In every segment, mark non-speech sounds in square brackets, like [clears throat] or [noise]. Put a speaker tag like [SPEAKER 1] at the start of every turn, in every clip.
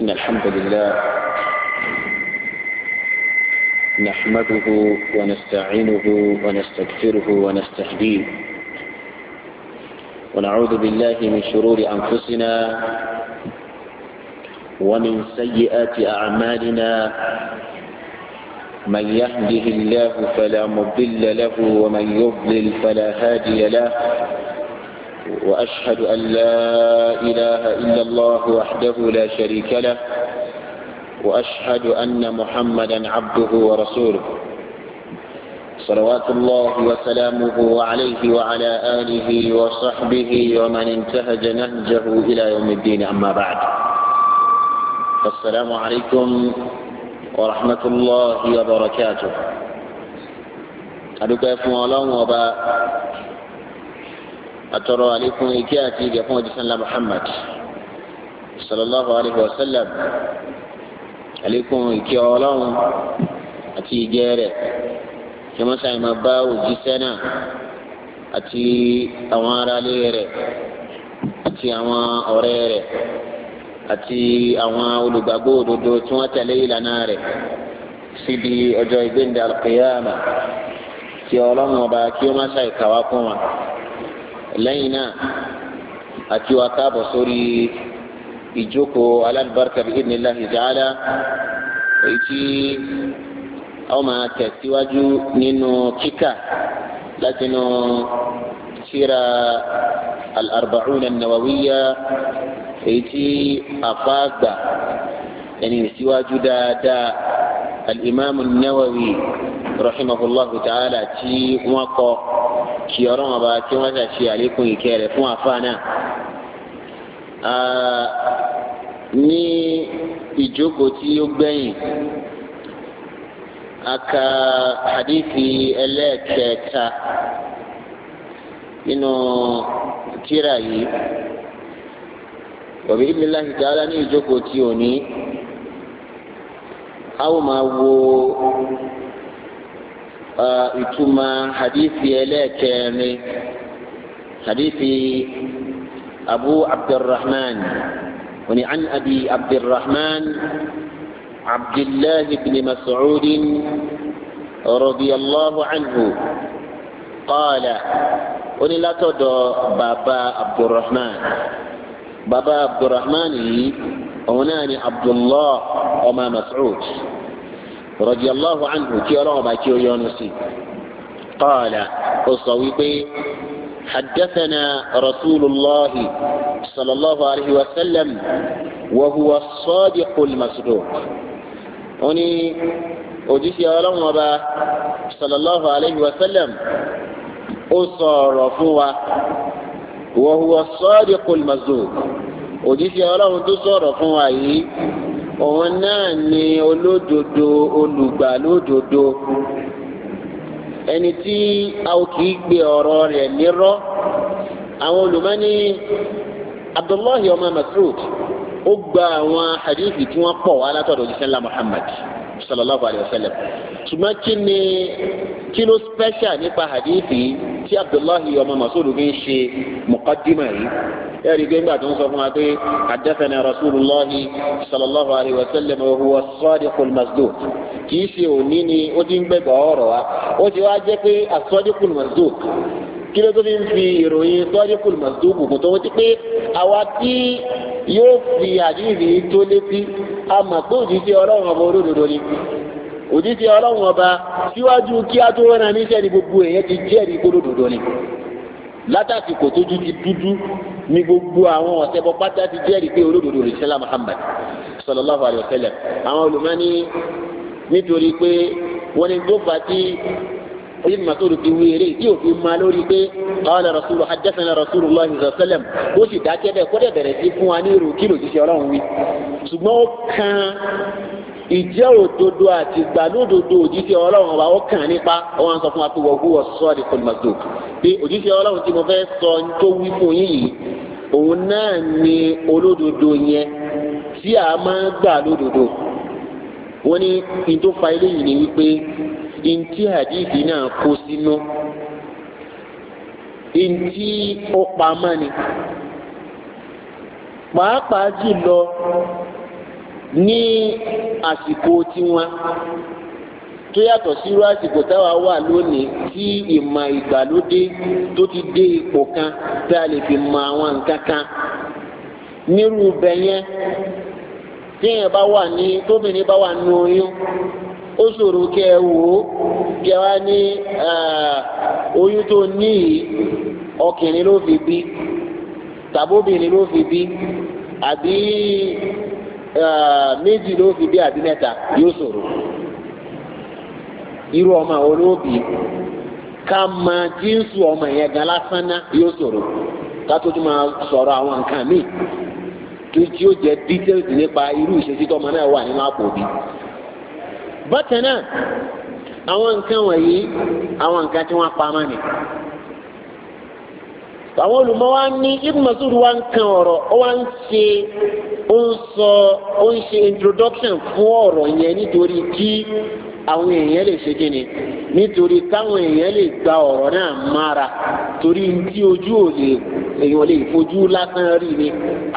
[SPEAKER 1] إن الحمد لله نحمده ونستعينه ونستغفره ونستهديه ونعوذ بالله من شرور أنفسنا ومن سيئات أعمالنا من يهده الله فلا مضل له ومن يضلل فلا هادي له وأشهد أن لا إله إلا الله وحده لا شريك له وأشهد أن محمدا عبده ورسوله صلوات الله وسلامه عليه وعلى آله وصحبه ومن انتهج نهجه إلى يوم الدين أما بعد فالسلام عليكم ورحمة الله وبركاته أدوك يا الله وبركاته atọrọ alekun ike àti ìgẹ̀ fún ọjísánlá muhammad sallallahu alayhi wa sallam alekun ike ọlọ́run àti ìgẹ̀ rẹ̀ kí wọ́n sàì máa bá òjíṣẹ́ náà àti àwọn aráalé rẹ̀ àti àwọn ọ̀rẹ́ rẹ̀ àti àwọn olùgbàgbọ́ òdodo tí wọ́n tẹ̀lé alqiyama kí ọlọ́run ọba kí ó má lẹ́yìn náà àti wa káàbọ̀ sórí ìjókòó alábàárkà bíi ìdíniláhi ta'ala èyí tí a máa tẹ̀síwájú nínú kíkà látinú tírà al-arba'una an-nawawiyya èyí tí àfáàgbà ẹni ìsíwájú dáadáa al-imam nawawi rahimahullahu ta'ala tí wọ́n kọ́ kí ọlọ́run ọba kí wọ́n ṣàṣe àlékún ìkẹ́ rẹ̀ fún àfáà ní ìjókòó tí ó gbẹ̀yìn aka hadithi ẹlẹ́ẹ̀kẹta nínú tírà yìí wàbí ibìláhi ta'ala ní ìjókòó tí ò ní a ó máa wo ìtumọ̀ hadithi ẹlẹ́ẹ̀kẹrin hadithi abu abdulrahman wani an abi abdulrahman abdullahi bin mas'ud رضي الله عنه قال oni látọ̀dọ̀ baba abdulrahman baba abdulrahman yìí òun náà ni abdullah ọmọ mas'ud radiyallahu anhu kí ọlọ́run bá kí ó yọ́nú sí qala ó sọ wípé haddathana rasulullahi sallallahu alayhi wa sallam wa huwa as-sadiqul masduq ó ní òjíṣẹ́ ọlọ́run ọba sallallahu alayhi wa sallam ó sọ ọ̀rọ̀ fún wa wa huwa as-sadiqul ọlọ́run tó sọ̀rọ̀ fún wa yìí òun náà ni olódodo olùgbàlódodo ẹni tí a ò kì í gbé ọ̀rọ̀ rẹ̀ nírọ́ àwọn olùmọ́ni abdullahi ọmọ masud ó gba àwọn hadith tí wọ́n pọ̀ wá látọ̀dọ̀ muhammad sallallahu alayhi wa sallam ṣùgbọ́n kí ni kí ló special nípa hadithi tí abdullahi ọmọ masudu fi ń ṣe muqaddima yìí ẹ̀rí pé nígbà tó ń sọ fún wa pé hadathana rasulullahi sallallahu alayhi wa sallam wa huwa sadiqul masduq kì í ṣe òní ni ó ti ń gbẹ̀gbọ̀ ọ̀rọ̀ wa ó ti wá jẹ́ pé asadiqul masduq kí ló tó fi ń fi ìròyìn sadiqul masduq kò tó wọ́n ti pé àwa tí yóò fi hadithi tó létí a mọ̀ pé òjíṣẹ́ ọlọ́run ọba olódodo ni òjíṣẹ́ ọlọ́run ọba síwájú kí a tó rán níṣẹ́ ni gbogbo èèyàn ti jẹ́rìí olódodo ni látàsìkò tó dúdú dúdú ni gbogbo àwọn ọ̀sẹ̀bọ pátá ti jẹ́rìí pé olódodo ni sẹ́lá Muhammad sallallahu alayhi wa sallam àwọn olùmọ́ni nítorí pé wọ́n ní gbófa tí ibi mas'ud fi wí eré tí òfin ma lórí pé qala rasulu haddathana rasulullahi sallallahu alaihi wasallam ó sì dákẹ́ bẹ́ẹ̀ kó dẹ̀ bẹ̀rẹ̀ sí fún wa ní irú kí lòjíṣẹ́ ọlọ́run wí ṣùgbọ́n ó kan ìjẹ́ òdodo àti ìgbàlódodo òjíṣẹ́ ọlọ́run ọba ó kàn nípa wọn sọ fún wa pé wọ́n hú ọ̀sọ́ àti kòlùmọ̀tò pé òjíṣẹ́ ọlọ́run tí mo fẹ́ sọ tó wí fún yín yìí òun náà ni olódodo yẹn tí a máa ń gbà lódodo wọ́n ní kí tó fa eléyìí ni wípé ntí hadithi náà kó sínú ntí ó pamọ́ ni pàápàá jùlọ ní àsìkò tiwọn tó yàtọ̀ sírú àsìkò táwa wà lónìí tí ìmọ̀ ìgbàlódé tó ti dé ipò kan tá a lè fi mọ àwọn nǹkan kan nírú bẹ́yẹn téèyàn bá wà ní tóbìnrin bá wà nù oyún. ó ṣòro kẹ́ ẹ wò ó kí ẹ wá ní oyún tó ní ọkùnrin ló fi bí tàbóbìnrin ló fi bí àbí méjì ló fi bí àbí mẹ́ta yóò ṣòro irú ọmọ olóòbí ká mọ jíǹsù ọmọ yẹn gan lásán ná yóò ṣòro ká tó tún máa sọ̀rọ̀ àwọn nǹkan míì tó jẹ́ details nípa irú ìṣesí náà wà nínú àpò bíi. bákan náà àwọn nǹkan wọ̀nyí àwọn nǹkan tí wọ́n pamọ́ ni àwọn olùmọ̀ wa ní Ibn Mas'ud wa ń kan ọ̀rọ̀ ó wá ń ṣe ó ń sọ ó ń ṣe introduction fún ọ̀rọ̀ yẹn nítorí kí àwọn èèyàn lè ṣe kí ni nítorí káwọn èèyàn lè gba ọ̀rọ̀ náà mára torí tí ojú ò lè èèyàn lè fojú lásán rí ni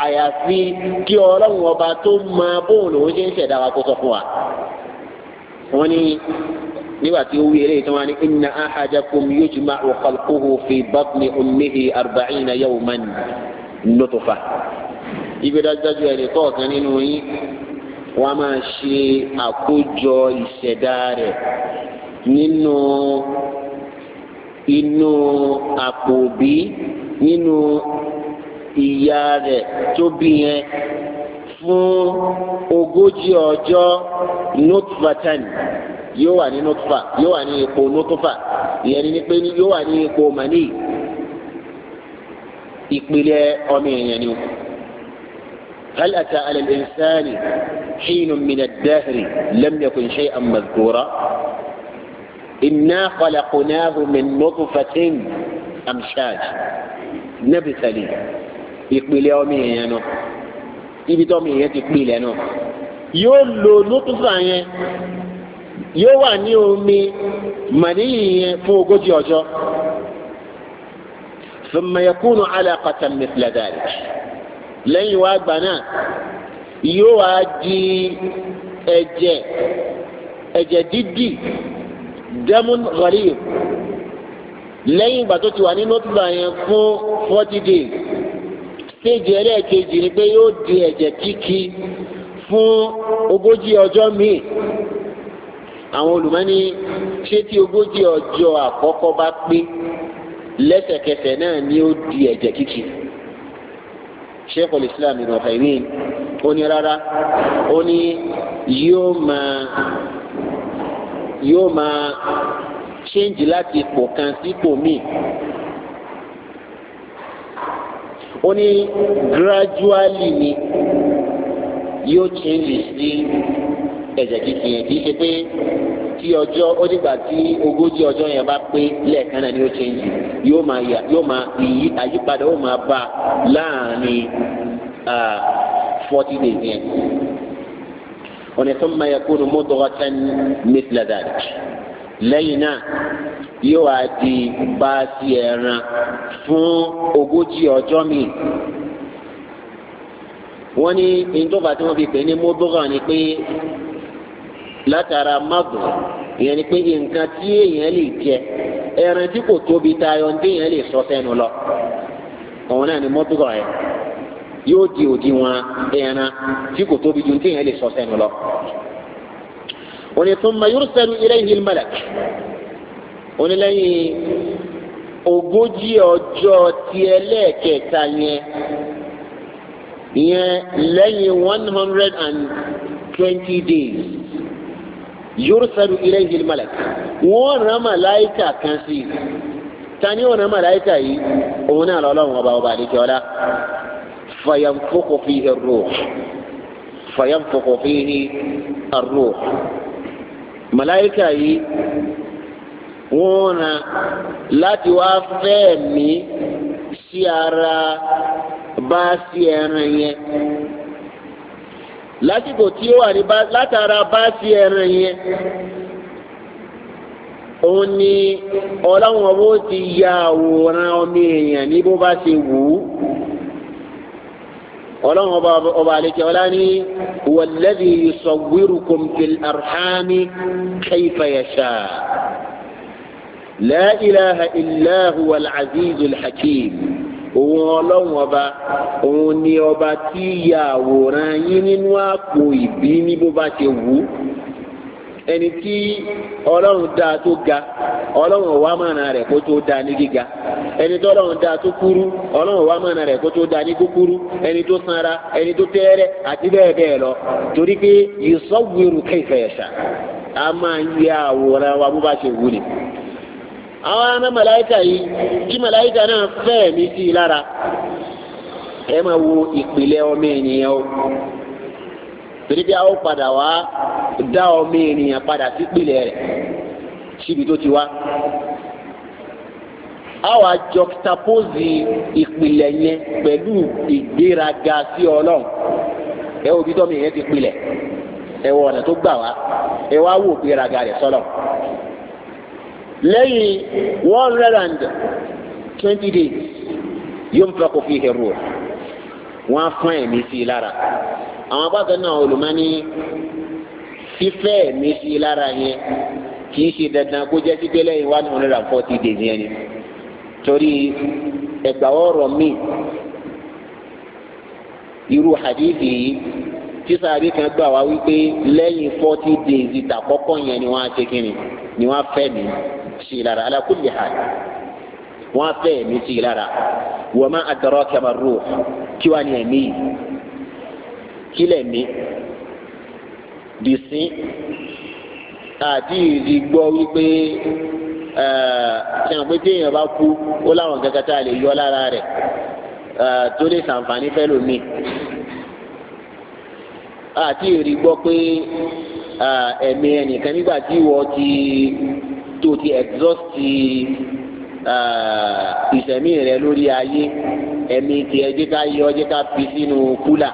[SPEAKER 1] àyàfi kí ọlọ́run ọba tó máa bóun lòun ṣe ń ṣẹ̀dá wa kó sọ fún wa wọ́n ní nígbà tí ó wí eré tí wọ́n ní inna ahadakum yujma'u khalquhu fi batni ummihi arba'ina yawman nutfa ibi dájúdájú ẹni kọ̀ọ̀kan nínú yín wọ́n máa ṣe àkójọ ìṣẹ̀dá rẹ̀ nínú inú àpò òbí nínú ìyá rẹ̀ tó bí yẹn fún ogójì ọjọ́ nutfatan yóò wà ní nutfa yóò wà ní ipò nutfa ìyẹn ni pé yóò wà ní ipò mani ìpìlẹ̀ ọmọ èèyàn ni هل أتى على الإنسان حين من الدهر لم يكن شيئا مذكورا إنا خلقناه من نطفة أمشاج نبثلي ìpìlẹ̀ ọmọ èèyàn náà ibi tó ọmọ èèyàn ti pìlẹ̀ náà yóò lo nútúfà yẹn yóò wà ní omi màníyì yẹn fún ogójì ọjọ́ thumma yakunu alaqatan mithla dhalik lẹ́yìn wá gbà náà yóò wá di ẹ̀jẹ̀ ẹ̀jẹ̀ dídì damun gharib lẹ́yìn ìgbà tó ti wà nínú òtúbà yẹn fún forty days ẹlẹ́ẹ̀kejì ni pé yóò di ẹ̀jẹ̀ kíkí fún ogójì ọjọ́ míì àwọn olùmọ́ni ṣé tí ogójì ọjọ́ àkọ́kọ́ bá pé lẹ́sẹ̀kẹsẹ̀ náà ni ó di ẹ̀jẹ̀ kíkì Sheikhul Islam ibn Uthaymeen ó ní rárá ó ní yóò máa yóò máa ṣéǹjì láti ipò kan sípò míì ó ní gradually ni yóò change sí ẹ̀jẹ̀ kíkì yẹn kì í ṣe pé tí ọjọ́ ó dìgbà tí ogójì ọjọ́ yẹn bá pé lẹ́ẹ̀kan náà ni ó change yóò máa yà yóò máa yí àyípadà ó máa bá láàrin forty days yẹn ọ̀nà tó máa yẹ kó nu mọ́tò ọ̀tá mẹ́tìlá dàdí lẹ́yìn náà yóò wá di bá ti ẹran fún ogójì ọjọ́ mi wọ́n ní ìjọba tí wọ́n fi pè ní mọ́dúrà ni pé látara magun ìyẹn ni pé nǹkan tí èèyàn lè jẹ ẹran tí kò tóbi tayọ ní èèyàn lè sọ sẹ́nu lọ òun náà ni mọ́dúrà yẹn yóò di òdiwọ̀n ẹran tí kò tóbi ju ní èèyàn lè sọ sẹ́nu lọ. wọ́n ní thumma yursalu ilayhi al-malak wọ́n ní lẹ́yìn ogójì ọjọ́ tiẹ̀ lẹ́ẹ̀kẹta yẹn ìyẹn lẹ́yìn one hundred and twenty days yorùsàlù ilé ìjìnlẹ̀ malak wọ́n rán màláìkà kan sí i ta ni wọ́n rán màláìkà yìí òun náà lọ́lọ́run ọba ọba àdìkẹ́ ọlá fayamfoko fihi ruh fayamfoko fihi ruh màláìkà yìí wọ́n rán láti wá fẹ́ẹ̀mí sí ara báàsì ẹran yẹn lásìkò tí ó wà ní látara báàsì ẹran yẹn òun ni ọlọ́run ọwọ́ ti ya àwòrán ọmọ èèyàn ní bó bá ṣe wù ú ọlọ́run ọba àlejò ọlá ní walladhi yusawwirukum fil arhami kayfa yasha la azizul hakim. òun ọlọ́run ọba òun ni ọba tí ya yín nínú àpò ìbí ní bó bá ṣe wù ú ẹni tí ọlọ́run ga ọlọ́run ọ̀wá mọ̀nà rẹ̀ kó tó da ní gíga ẹni tó ọlọ́run dáa tó kúrú ọlọ́run ọ̀wá mọ̀nà rẹ̀ kó tó dáa ní kúkúrú ẹni tó sanra ẹni tó tẹ́ẹ́rẹ́ àti bẹ́ẹ̀ bẹ́ẹ̀ lọ torí pé yi kayfa yasha a máa ń ya àwòrán wa bó bá ṣe wù ni. àwọn aná màláìkà yìí kí màláìkà náà fẹ́ẹ̀ mí sí i lára ẹ máa wo ìpìlẹ̀ ọmọ ènìyàn o torí bí a ó padà wá dá ọmọ ènìyàn padà sí ìpìlẹ̀ rẹ̀ síbi tó ti wá àwa jọkítàpọ́sì ìpìlẹ̀ yẹn pẹ̀lú ìgbéraga sí ọlọ́run ẹ wo bí tọ́mì yẹn ti pilẹ̀ ẹ wọ ọ̀nà tó gbà wá ẹ wá wò ìgbéraga rẹ̀ sọ́lọ̀ lẹ́yìn one hundred twenty days yóò fẹ́ kó fi hẹ̀rù rẹ̀ wọ́n á fún ẹ̀mí sí i lára àwọn abáàgbẹ́ náà olùmọ́ni fífẹ́ ẹ̀mí sí i lára yẹn kì í ṣe dandan kó jẹ́ sípé lẹ́yìn one hundred forty days yẹn ni torí ẹgbà ọ̀rọ̀ mi irú hadithi yìí tísà àbí kan gbà wá wípé lẹ́yìn forty days ìtàkọ́kọ́ yẹn ni wọ́n á ṣe kínni ni wọ́n á fẹ́ mi sí i lára ala kulli hal wọ́n á fẹ́ ẹ̀mí sí i lára wa ma adraka ma ruh kí wàá ní ẹ̀mí yìí kí lẹ̀mí dìsín àti ìrì gbọ́ wípé ṣe àwọn pé tí èèyàn bá kú ó láwọn kankan tá a lè yọ lára rẹ̀ tó lè ṣàǹfààní fẹ́ lómi àti ìrì gbọ́ pé ẹ̀mí ẹnìkan nígbà tí ìwọ ti tó ti exhaust uh, ìsẹ̀mí rẹ lórí ayé ẹ̀mí tí ẹ jẹ́ ká yọ jẹ́ ká fi sínú kúlà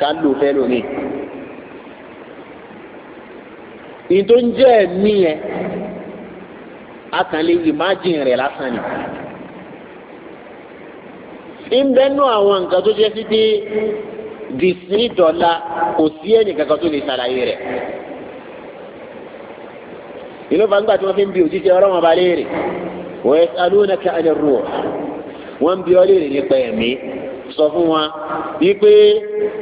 [SPEAKER 1] ká lò fẹ́ lómi. ní tó ń jẹ́ ẹ̀mí yẹn a kàn rẹ̀ lásán ni ìbẹ́nu àwọn nǹkan tó jẹ́ sí pé dìsí dọ̀la kò sí ẹnì tó lè ṣàlàyé rẹ̀ inú fangba tí wọ́n fi ń bi òjijì ọ̀rọ̀ wọn ba léèrè wa yas'alunaka 'ani ruh wọ́n ń bi ọ́ léèrè nípa ẹ̀mí sọ fún wa wípé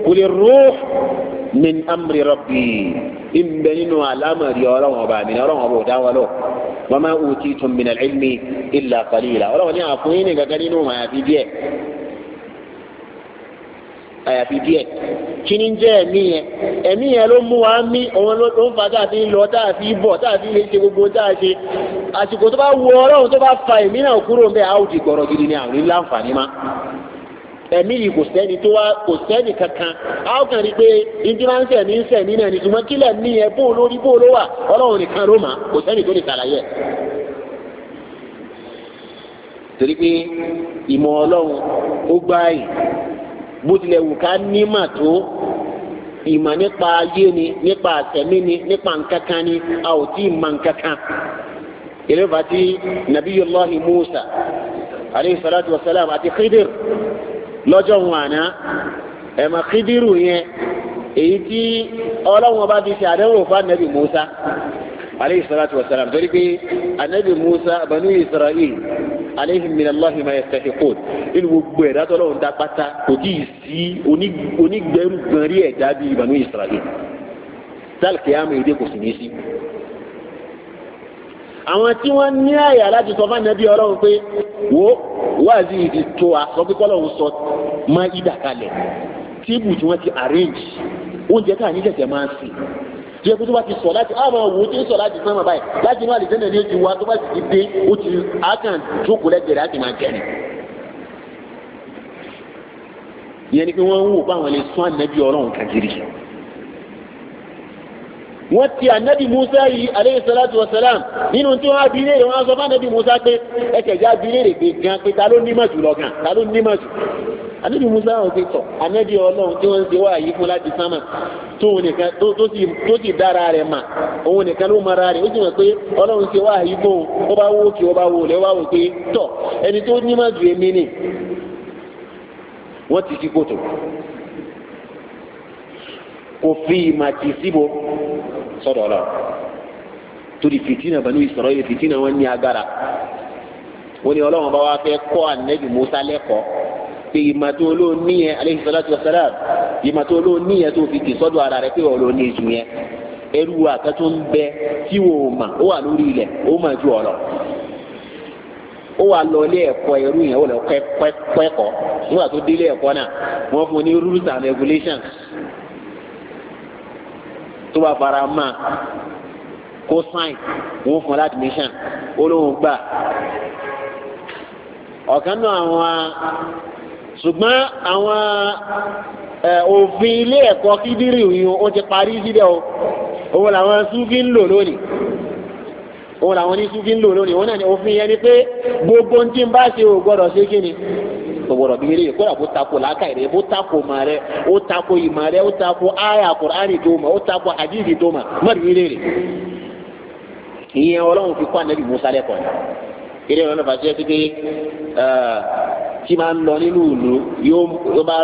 [SPEAKER 1] kuli ruh min amri rabbi ìmbẹ nínú àlámọ̀rí ọ̀rọ̀ wọn ba mi ọ̀rọ̀ wọn bò dáwọ́ lọ wa ma utitum min al-'ilmi illa qalila ọ̀rọ̀ wọn ni àfọyín ni gàgà nínú màá fi díẹ̀ àyàfi díẹ̀ kí ni jẹ́ ẹ̀mí yẹn ẹ̀mí yẹn ló mú wa mí òun ló ń fa táàfi lọ táàfi bọ̀ táàfi lè ṣe gbogbo táàṣe àsìkò tó bá wọ ọlọ́run tó bá fa ẹ̀mí náà kúrò ń bẹ́ a ó di gbọ̀rọ̀ gidi ni àwọn ilé àǹfààní má ẹ̀mí yìí kò sẹ́ni tó wá kò sẹ́ni kankan a ó kàn rí pé ìdí máa ń sẹ̀mí ń sẹ̀mí náà ní ṣùgbọ́n kílẹ̀ ní ẹ bó lórí bó ló wà ọlọ́run nìkan ló mà kò sẹ́ni tó lè ṣàlàyé torí pé ìmọ̀ ọlọ́run ó gbáyìí bó tilẹ̀ wù ká nímà tó ìmọ̀ nípa ayé ni nípa àtẹ̀mí ni nípa nkankan ni a ò tí ì mọ̀ nkankan ìrẹ́bà tí nabiyullahi musa aleyhi salatu wa salam àti khidir lọ́jọ́ wàná ẹ̀mà khidiru yẹn èyí tí ọlọ́run ọba fi ṣe àdéhùn fún anabi musa aleyhi wa salam torí pé anabi musa banu israel alayhim minallahi ma yastahiqun nínú gbogbo ẹ̀dá tó lọ́wọ́ ń dá pátá kò tí ì sí onígbẹ̀rù gan rí ẹ̀dá bíi Banu Israel sálùkì àmì èdè kò sì ní sí. àwọn tí wọ́n ní àyà láti sọ fún ànábì ọlọ́run pé wo wáàzí ìdí tó àsọ pé sọ máa ìdàkalẹ̀ tíìbù tí wọ́n ti arrange oúnjẹ káà ní tẹ̀tẹ̀ máa ń sìn tí ẹkú tó bá ti sọ láti àwọn ah, òwò tí ń sọ láti sánmà báyìí láti inú àlìsẹ́ náà ni ó ti tó bá ti dé ó ti àkàn jókòó lẹ́gbẹ̀rẹ́ àti máa kẹrin. ìyẹn ni pé wọ́n ń wò pé lè sún ànábì ọlọ́run kàkiri. wọ́n ti ànábì musa yìí aleyhi salatu wa salam nínú tí wọ́n á bi léèrè wọ́n á sọ fún ànábì musa pé ẹsẹ̀ já bi léèrè pé gan pé ta ló nímọ̀ jù lọ gan ta ló nímọ̀ jù ànábì musa ti tọ̀ ọlọ́run tí sọ́dọ̀ ọlọ torí fìtínà banu Israeli fìtínà wọn ní agbára wọn ni Ọlọ́run bá wá fẹ́ kọ́ anabi Musa lẹ́kọ̀ọ́ pé ìmàtó olóòní yẹn aleyhi salatu wa salam ìmàtó olóòní yẹn tó fi kì sọ́dọ̀ ara rẹ̀ pé olóòní ju yẹn ẹrú àkàtó ń bẹ tí wò ó mà ó wà lórí ilẹ̀ ó mà ju ọ̀rọ̀ ó wà lọ ilé ẹ̀kọ́ ẹrú yẹn ó lọ kọ́ ẹ̀kọ́ nígbà tó dé ilé ẹ̀kọ́ náà wọ́n fún un ní rules and regulations tó bá fara mọ́ kó sáìn wọn fún ọ láti mission olóhùn gbà ọ̀kan náà àwọn ṣùgbọ́n àwọn òfin ilé ẹ̀kọ́ kídírì yìí ó ti parí síbẹ̀ o òun làwọn súfí ń lò lónìí òun làwọn ní súfí lò lónìí òun náà ni òfin yẹn ni pé gbogbo ń tí ń bá ṣe ò gbọ́dọ̀ ṣe kí ni sọ̀wọ́rọ̀ bí eré kódà bó tako làákàyè rẹ bó tako màá rẹ ó tako ìmọ̀ rẹ ó tako àyà kùránì tó ma ó tako àdìsí tó ma mọ̀rì eré rẹ. ìyẹn ọlọ́run fi kọ́ musa lẹ́kọ̀ọ́ ọlọ́run fà tí lọ nínú ìlú yóò bá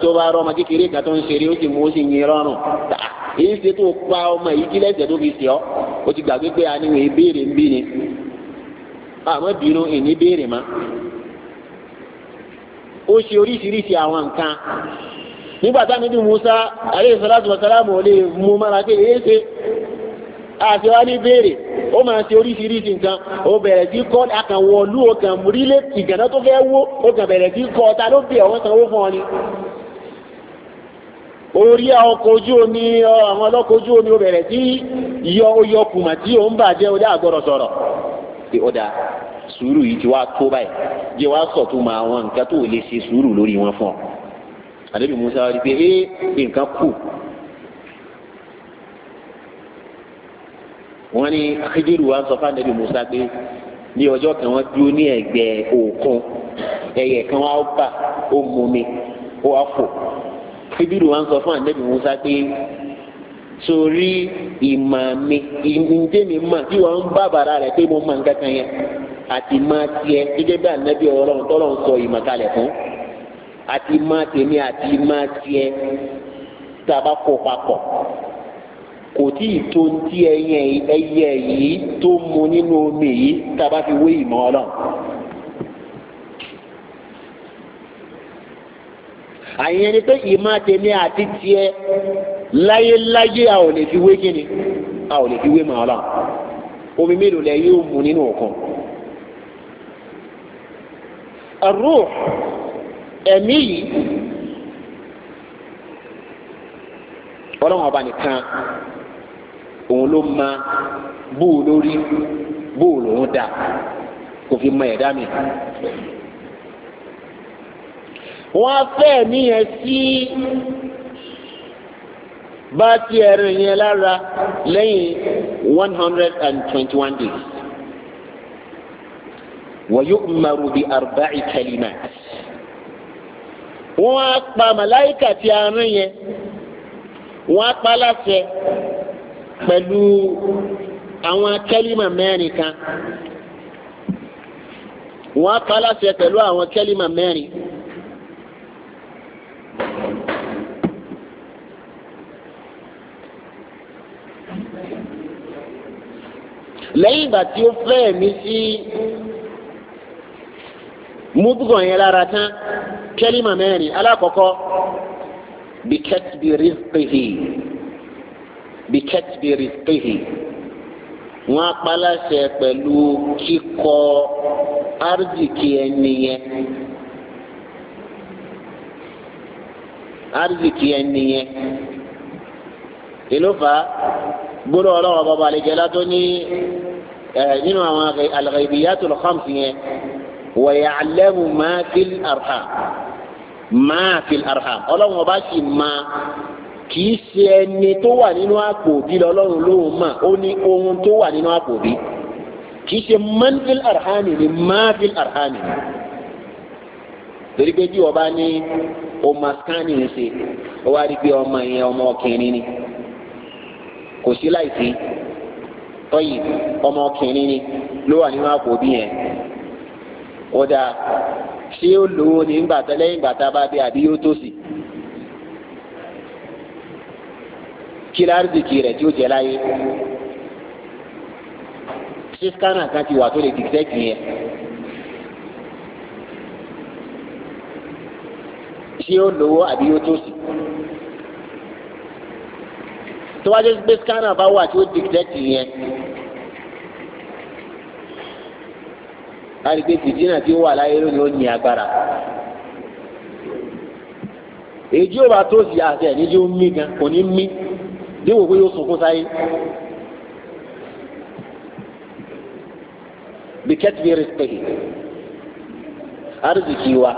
[SPEAKER 1] tó bá kékeré tó ń ṣeré ó sì mú ó sì yin èyí ṣe tó pa ọmọ yìí kí lẹ́sẹ̀ tó fi ṣe ọ́ ti gbàgbé pé a ní ìbéèrè ń bí ni àmọ́ bínú ìní béèrè ó ṣe oríṣiríṣi àwọn nǹkan nígbà tí Musa alayhi salatu wa salamu ò lè mú mára pé èé ṣe wá ní béèrè ó máa ṣe oríṣiríṣi nǹkan ó bẹ̀rẹ̀ sí kọ́ akànwọ̀lú ọkàn múrílẹ̀ ìgànà tó fẹ́ wó bẹ̀rẹ̀ sí kọ́ ló bẹ̀ ọ orí ọkọ̀ ojú omi àwọn ọlọ́kọ̀ ojú omi yọ tí ó ń bàjẹ́ ó dá àgbọ̀rọ̀ sọ̀rọ̀ sùúrù yìí ti wá tó báyìí jẹ́ wá sọ̀tún mọ àwọn nǹkan tó lè ṣe sùúrù lórí wọn fún ọ. àdébí musa wá rí pé ee nǹkan kù. wọ́n ní akédèrú wa ń sọ fún àdébí musa pé ní ọjọ́ kan wọ́n dúró ní ẹ̀gbẹ́ òkun ẹyẹ kan wá bà ó mú mi ó wá fò akédèrú wa ń sọ fún àdébí musa pé sórí ìmọ̀ mi ìdíje mi mọ̀ tí wọ́n ń bá bàrà rẹ̀ pé mo mọ̀ nǹkan kan yẹn àti máa tiẹ̀ gẹ́gẹ́ bí ànábì ọlọ́run tọ́lọ́run sọ ìmọ̀kalẹ̀ fún àti máa tèmi àti máa tiẹ̀ tá a bá kó papọ̀ kò tí ì tó ti ẹyẹ ẹyẹ yìí tó mu nínú omi yìí tá a bá fi wé ìmọ̀ ọlọ́run. àyẹn ni pé ìmọ̀ tèmi àti tiẹ̀ láyéláyé a ò lè fi wé kíni a ò lè fi wé màá ọlọ́run omi mélòó lẹ yóò mu nínú ọ̀kan ar-ruh ẹ̀mí yìí ọlọ́run ọba nìkan òun ló ma bóò lórí bóò lòún dà kò fi mọ ẹ̀dá one hundred and twenty one days wọ́yọ́mọ̀rù بأربع كلمات. kalimat. wọ́n á pa màláìkà tí a rán yẹn wọ́n á pa láṣẹ pẹ̀lú àwọn kẹ́límà mẹ́rin kan wọ́n á pa láṣẹ pẹ̀lú àwọn kẹ́límà mẹ́rin. lẹ́yìn ìgbà tí ó fẹ́ mi sí. Si, mudugọ yẹn lára tán kẹlima mẹ́rin alakọkọ bikẹtibi rizqihi bikẹtibi rizqihi wọn akpalasẹ pẹ̀lú kíkọ arziki ẹniyẹ arziki ẹniyẹ ìlúfà gbọ́dọ̀ ọlọ́rọ̀ bàbá àlejò ẹlá tó ní ẹ nínú àwọn al-ghaybiyatul khams yẹn wàyàlẹ́mu máa fi arham máa fi arham ọlọ́run ọba sì máa kì í ṣe ẹni tó wà nínú àpò òbí lọ́lọ́run lóhùn mà ó ní ohun tó wà nínú àpò òbí kì í ṣe manfil arhami ni manfil arhami ni torí pé bí ọba ní ọmọ skani ń ṣe ó wá rí pé ọmọ yẹn ọmọ ọkùnrin ni kò sí láìsí tọ́yì ọmọ ọkùnrin ni ló wà nínú àpò òbí yẹn ó dáa ṣé ó lò ó ní gbàtà lẹ́yìn gbàtà bá dé àbí yóò tó sí kí lárìsìkì rẹ̀ tí ó jẹ láyé ṣé skana kan ti wà tó lè dìgítẹ́kì yẹn. tí ó lówó àbí ó tó sí. tó wájú pé scanner bá wà tí ó dìgítẹ́tì yẹn láti pé fìdínà tí ó wà láyé lónìí ó ní agbára èjì ò bá tó sì àti ẹ̀ níjẹ́ ó mí gan kò ní mí díwò pé yóò sunkún sáyé. bikẹ́tìbí rìsítẹ́kì arzikì wa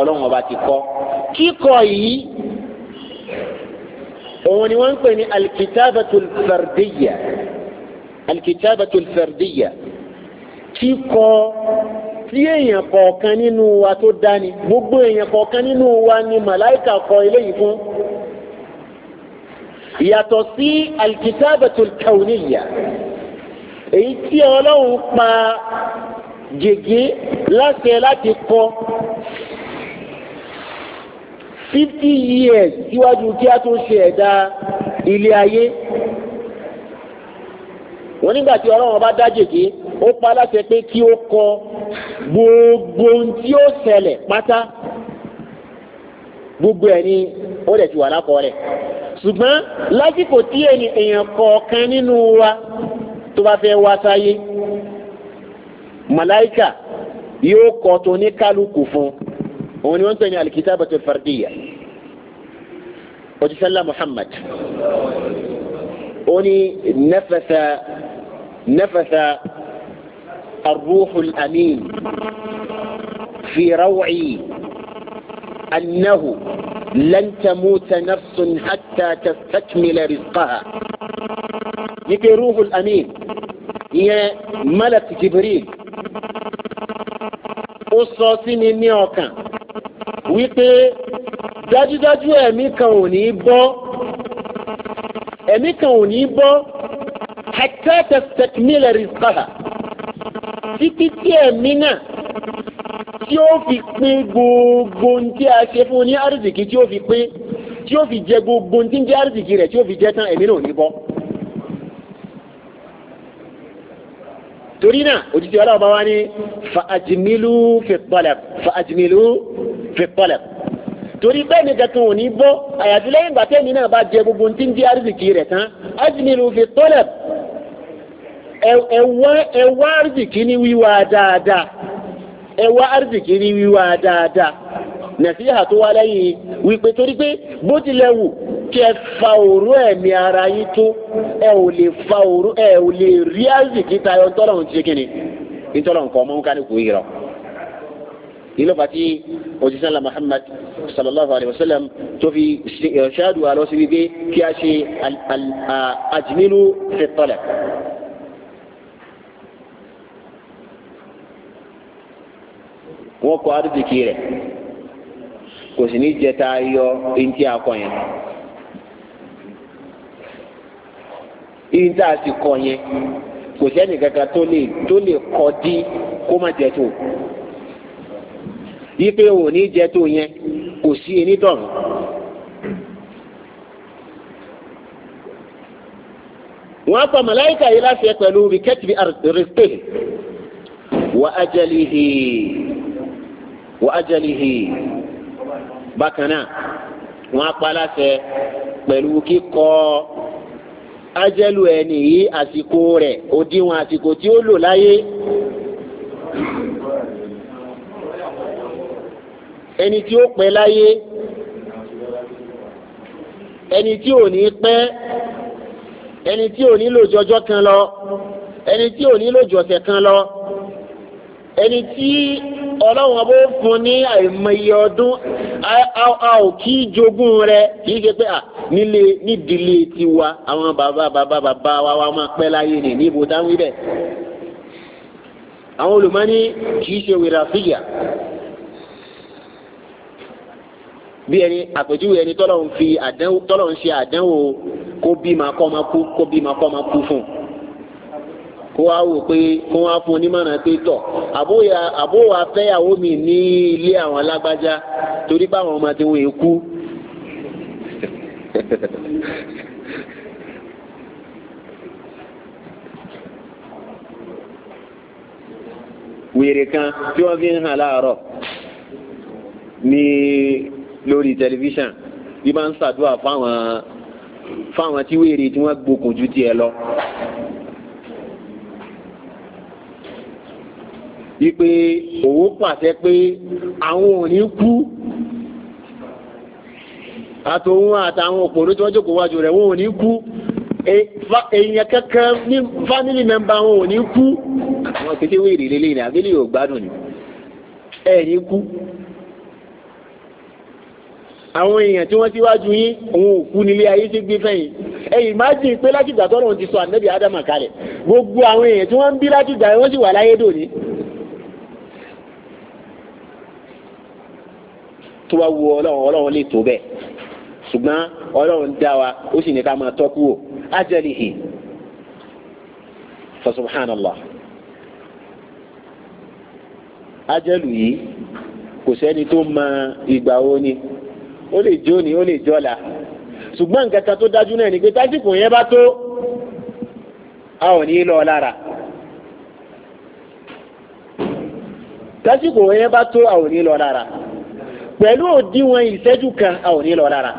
[SPEAKER 1] ọlọ́run ọba ti kọ́ kíkọ yìí òun ni wọ́n ń pè ní alikitaabatul fardiya alikitaabatul fardiya kíkọ tí èèyàn kọ̀ọ̀kan nínú wa tó dání gbogbo èèyàn kọ̀ọ̀kan nínú wa ni màláìkà kọ eléyìí fún yàtọ̀ sí alkitabatul kauniyya èyí tí ọlọ́run pa gègé láṣẹ láti kọ fifty years síwájú kí a tó ṣe ẹ̀dá ilé ayé wọ́n nígbà tí ọlọ́run bá dájèké ó pa láṣẹ pé kí ó kọ gbogbo ohun tí ó ṣẹlẹ̀ pátá gbogbo ẹ̀ ni ó dẹ̀ ti wà lákọọ́ rẹ̀ ṣùgbọ́n lásìkò tí èèyàn kọ̀ọ̀kan nínú wa tó bá fẹ́ wá sáyé màláìkà yóò kọ tó ní kálukú fún òun ni wọ́n ń pè ní alikitaabatu fardiya òjíṣẹ́lá Muhammad ó ní nafasa نفث الروح الأمين في روعي أنه لن تموت نفس حتى تستكمل رزقها يكي روح الأمين هي ملك جبريل ó sọ sí mi داجي ọkàn wípé dájúdájú ẹ̀mí kan ò ní hatta tastakmila rizqaha títí tí ẹ̀mí náà tí ó fi pín gbogbo tí a ṣe fún ní àrísìkí tí ó fi pín tí ó fi jẹ gbogbo tí ń jẹ àrísìkí rẹ̀ tí ó fi jẹ tán ẹ̀mí náà ní bọ́ torí náà òjijì ọlọ́ọ̀bá wá ní fa'ajimilu fi talab fa'ajimilu fi talab torí bẹ́ẹ̀ ni kankan ò bọ́ àyàfi lẹ́yìn bàtẹ́mi náà bá jẹ gbogbo tí ń jẹ àrísìkí rẹ̀ tán ajimilu fi ẹwà arziki ní wíwá dáadáa ẹwà arziki ní wíwá dáadáa nàìjíríà tó wá lẹ́yìn wípé torí pé bó tilẹ̀ wù kí ẹ fa òru ẹ̀mí ara yín tó ẹ ò lè fa òru ẹ ò lè rí arziki tayọ ntọ́lọ́run ti kíni ntọ́lọ́run kọ́ ọmọ nǹkan ní kò yìí ìlọ́pàá tí òjíṣẹ́ ńlá Muhammad sallallahu alayhi wa sallam tó fi ṣáàdù àlọ́sí wípé kí a ṣe àjìnínú fi talab wọn kọ àdìsíkì rẹ̀ kò sì ní jẹta yọ eŋti akọ yẹn eŋti àti kọ yẹn kò sẹ́ni kankan tó lè tó lè kọ́ dí kó má jẹ tó yí pé òun ní jẹ tó yẹn kò sí enítọ̀hún. wọn kọ màláíkà yìí láti ẹ pẹ̀lú rìkẹ́tì rìsíkè wà á lìhìí. wa ajalihi bákan náà wọ́n á pa láṣẹ pẹ̀lú kíkọ ajalu ẹni yìí àsìkò rẹ̀ òdiwọ̀n àsìkò tí ó lò láyé. ẹni tí ó pẹ́ láyé ẹni tí ò ní pẹ́ ẹni tí ò ní lò jọjọ́ kan lọ ẹni tí ò ní lò jọ̀sẹ̀ kan lọ ẹni tí ọlọ́run ọbọ̀ fún ní àìmọye ọdún a ò kí jogún rẹ kì í ṣe pé nílé nídìílé tiwa àwọn bàbá bàbá bàbá wa wa máa pẹ́ láyé nì níbo táwọn ibẹ̀ àwọn olùmọ́ni kì í ṣe wèrà fìyà bí ẹni àpèjúwe ẹni tọ́lọ́run fi àdánwò tọ́lọ́run ṣe àdánwò kó bímọ kọ́ máa kú kó bímọ kọ́ máa kú fún un kó wá wò pé kó wá fún onímọ̀ràn pé tọ̀ àbóyá àbówà fẹ́yàwó mi ní ilé àwọn alágbájá torí báwọn ọmọ tí wọn èkú. wèrè kan tí wọ́n fi ń hàn láàárọ̀ ní lórí tẹlifíṣàn bí máa ń ṣàdúrà fáwọn fáwọn tí wèrè tí wọ́n gbókùn ju tiẹ̀ lọ. wípé òun pàṣẹ pé àwọn ò ní kú àtòun àtàwọn òpònú tí wọ́n jókòó wájú rẹ̀ wọn ò ní kú e, èèyàn kankan ní family member wọn ò ní kú àwọn kìí wí ìrìlẹ̀ ilé ìrìn àbílẹ̀ yóò gbádùn ni ẹ ní kú àwọn èèyàn tí wọ́n síwájú yín òun ò kú nílé ayé tí gbé fẹ́yìn ẹ̀yìn má jìn pé látìgbà tọ́lọ́run ti sọ ànábì ádámà kalẹ̀ gbogbo àwọn èèyàn tí wọ́n ń bí látìgbà wọ́n sì wà láyé dòní tó bá wu ọlọ́run ọlọ́run lè tó bẹ́ẹ̀ ṣùgbọ́n ọlọ́run dá wa ó sì ní ká máa tọ́kú o ajalihi fa subhanallah ajalu yìí kò sẹ́ni tó mọ ìgbà wo ni ó lè jó ni ó lè jọ́la ṣùgbọ́n nǹkan kan tó dájú náà ni pé tásìkò yẹn bá tó a ò ní lọ lára tásìkò yẹn bá tó a ò ní lọ lára pẹ̀lú òdiwọ̀n ìṣẹ́jú kan a ò ní lọ rárá.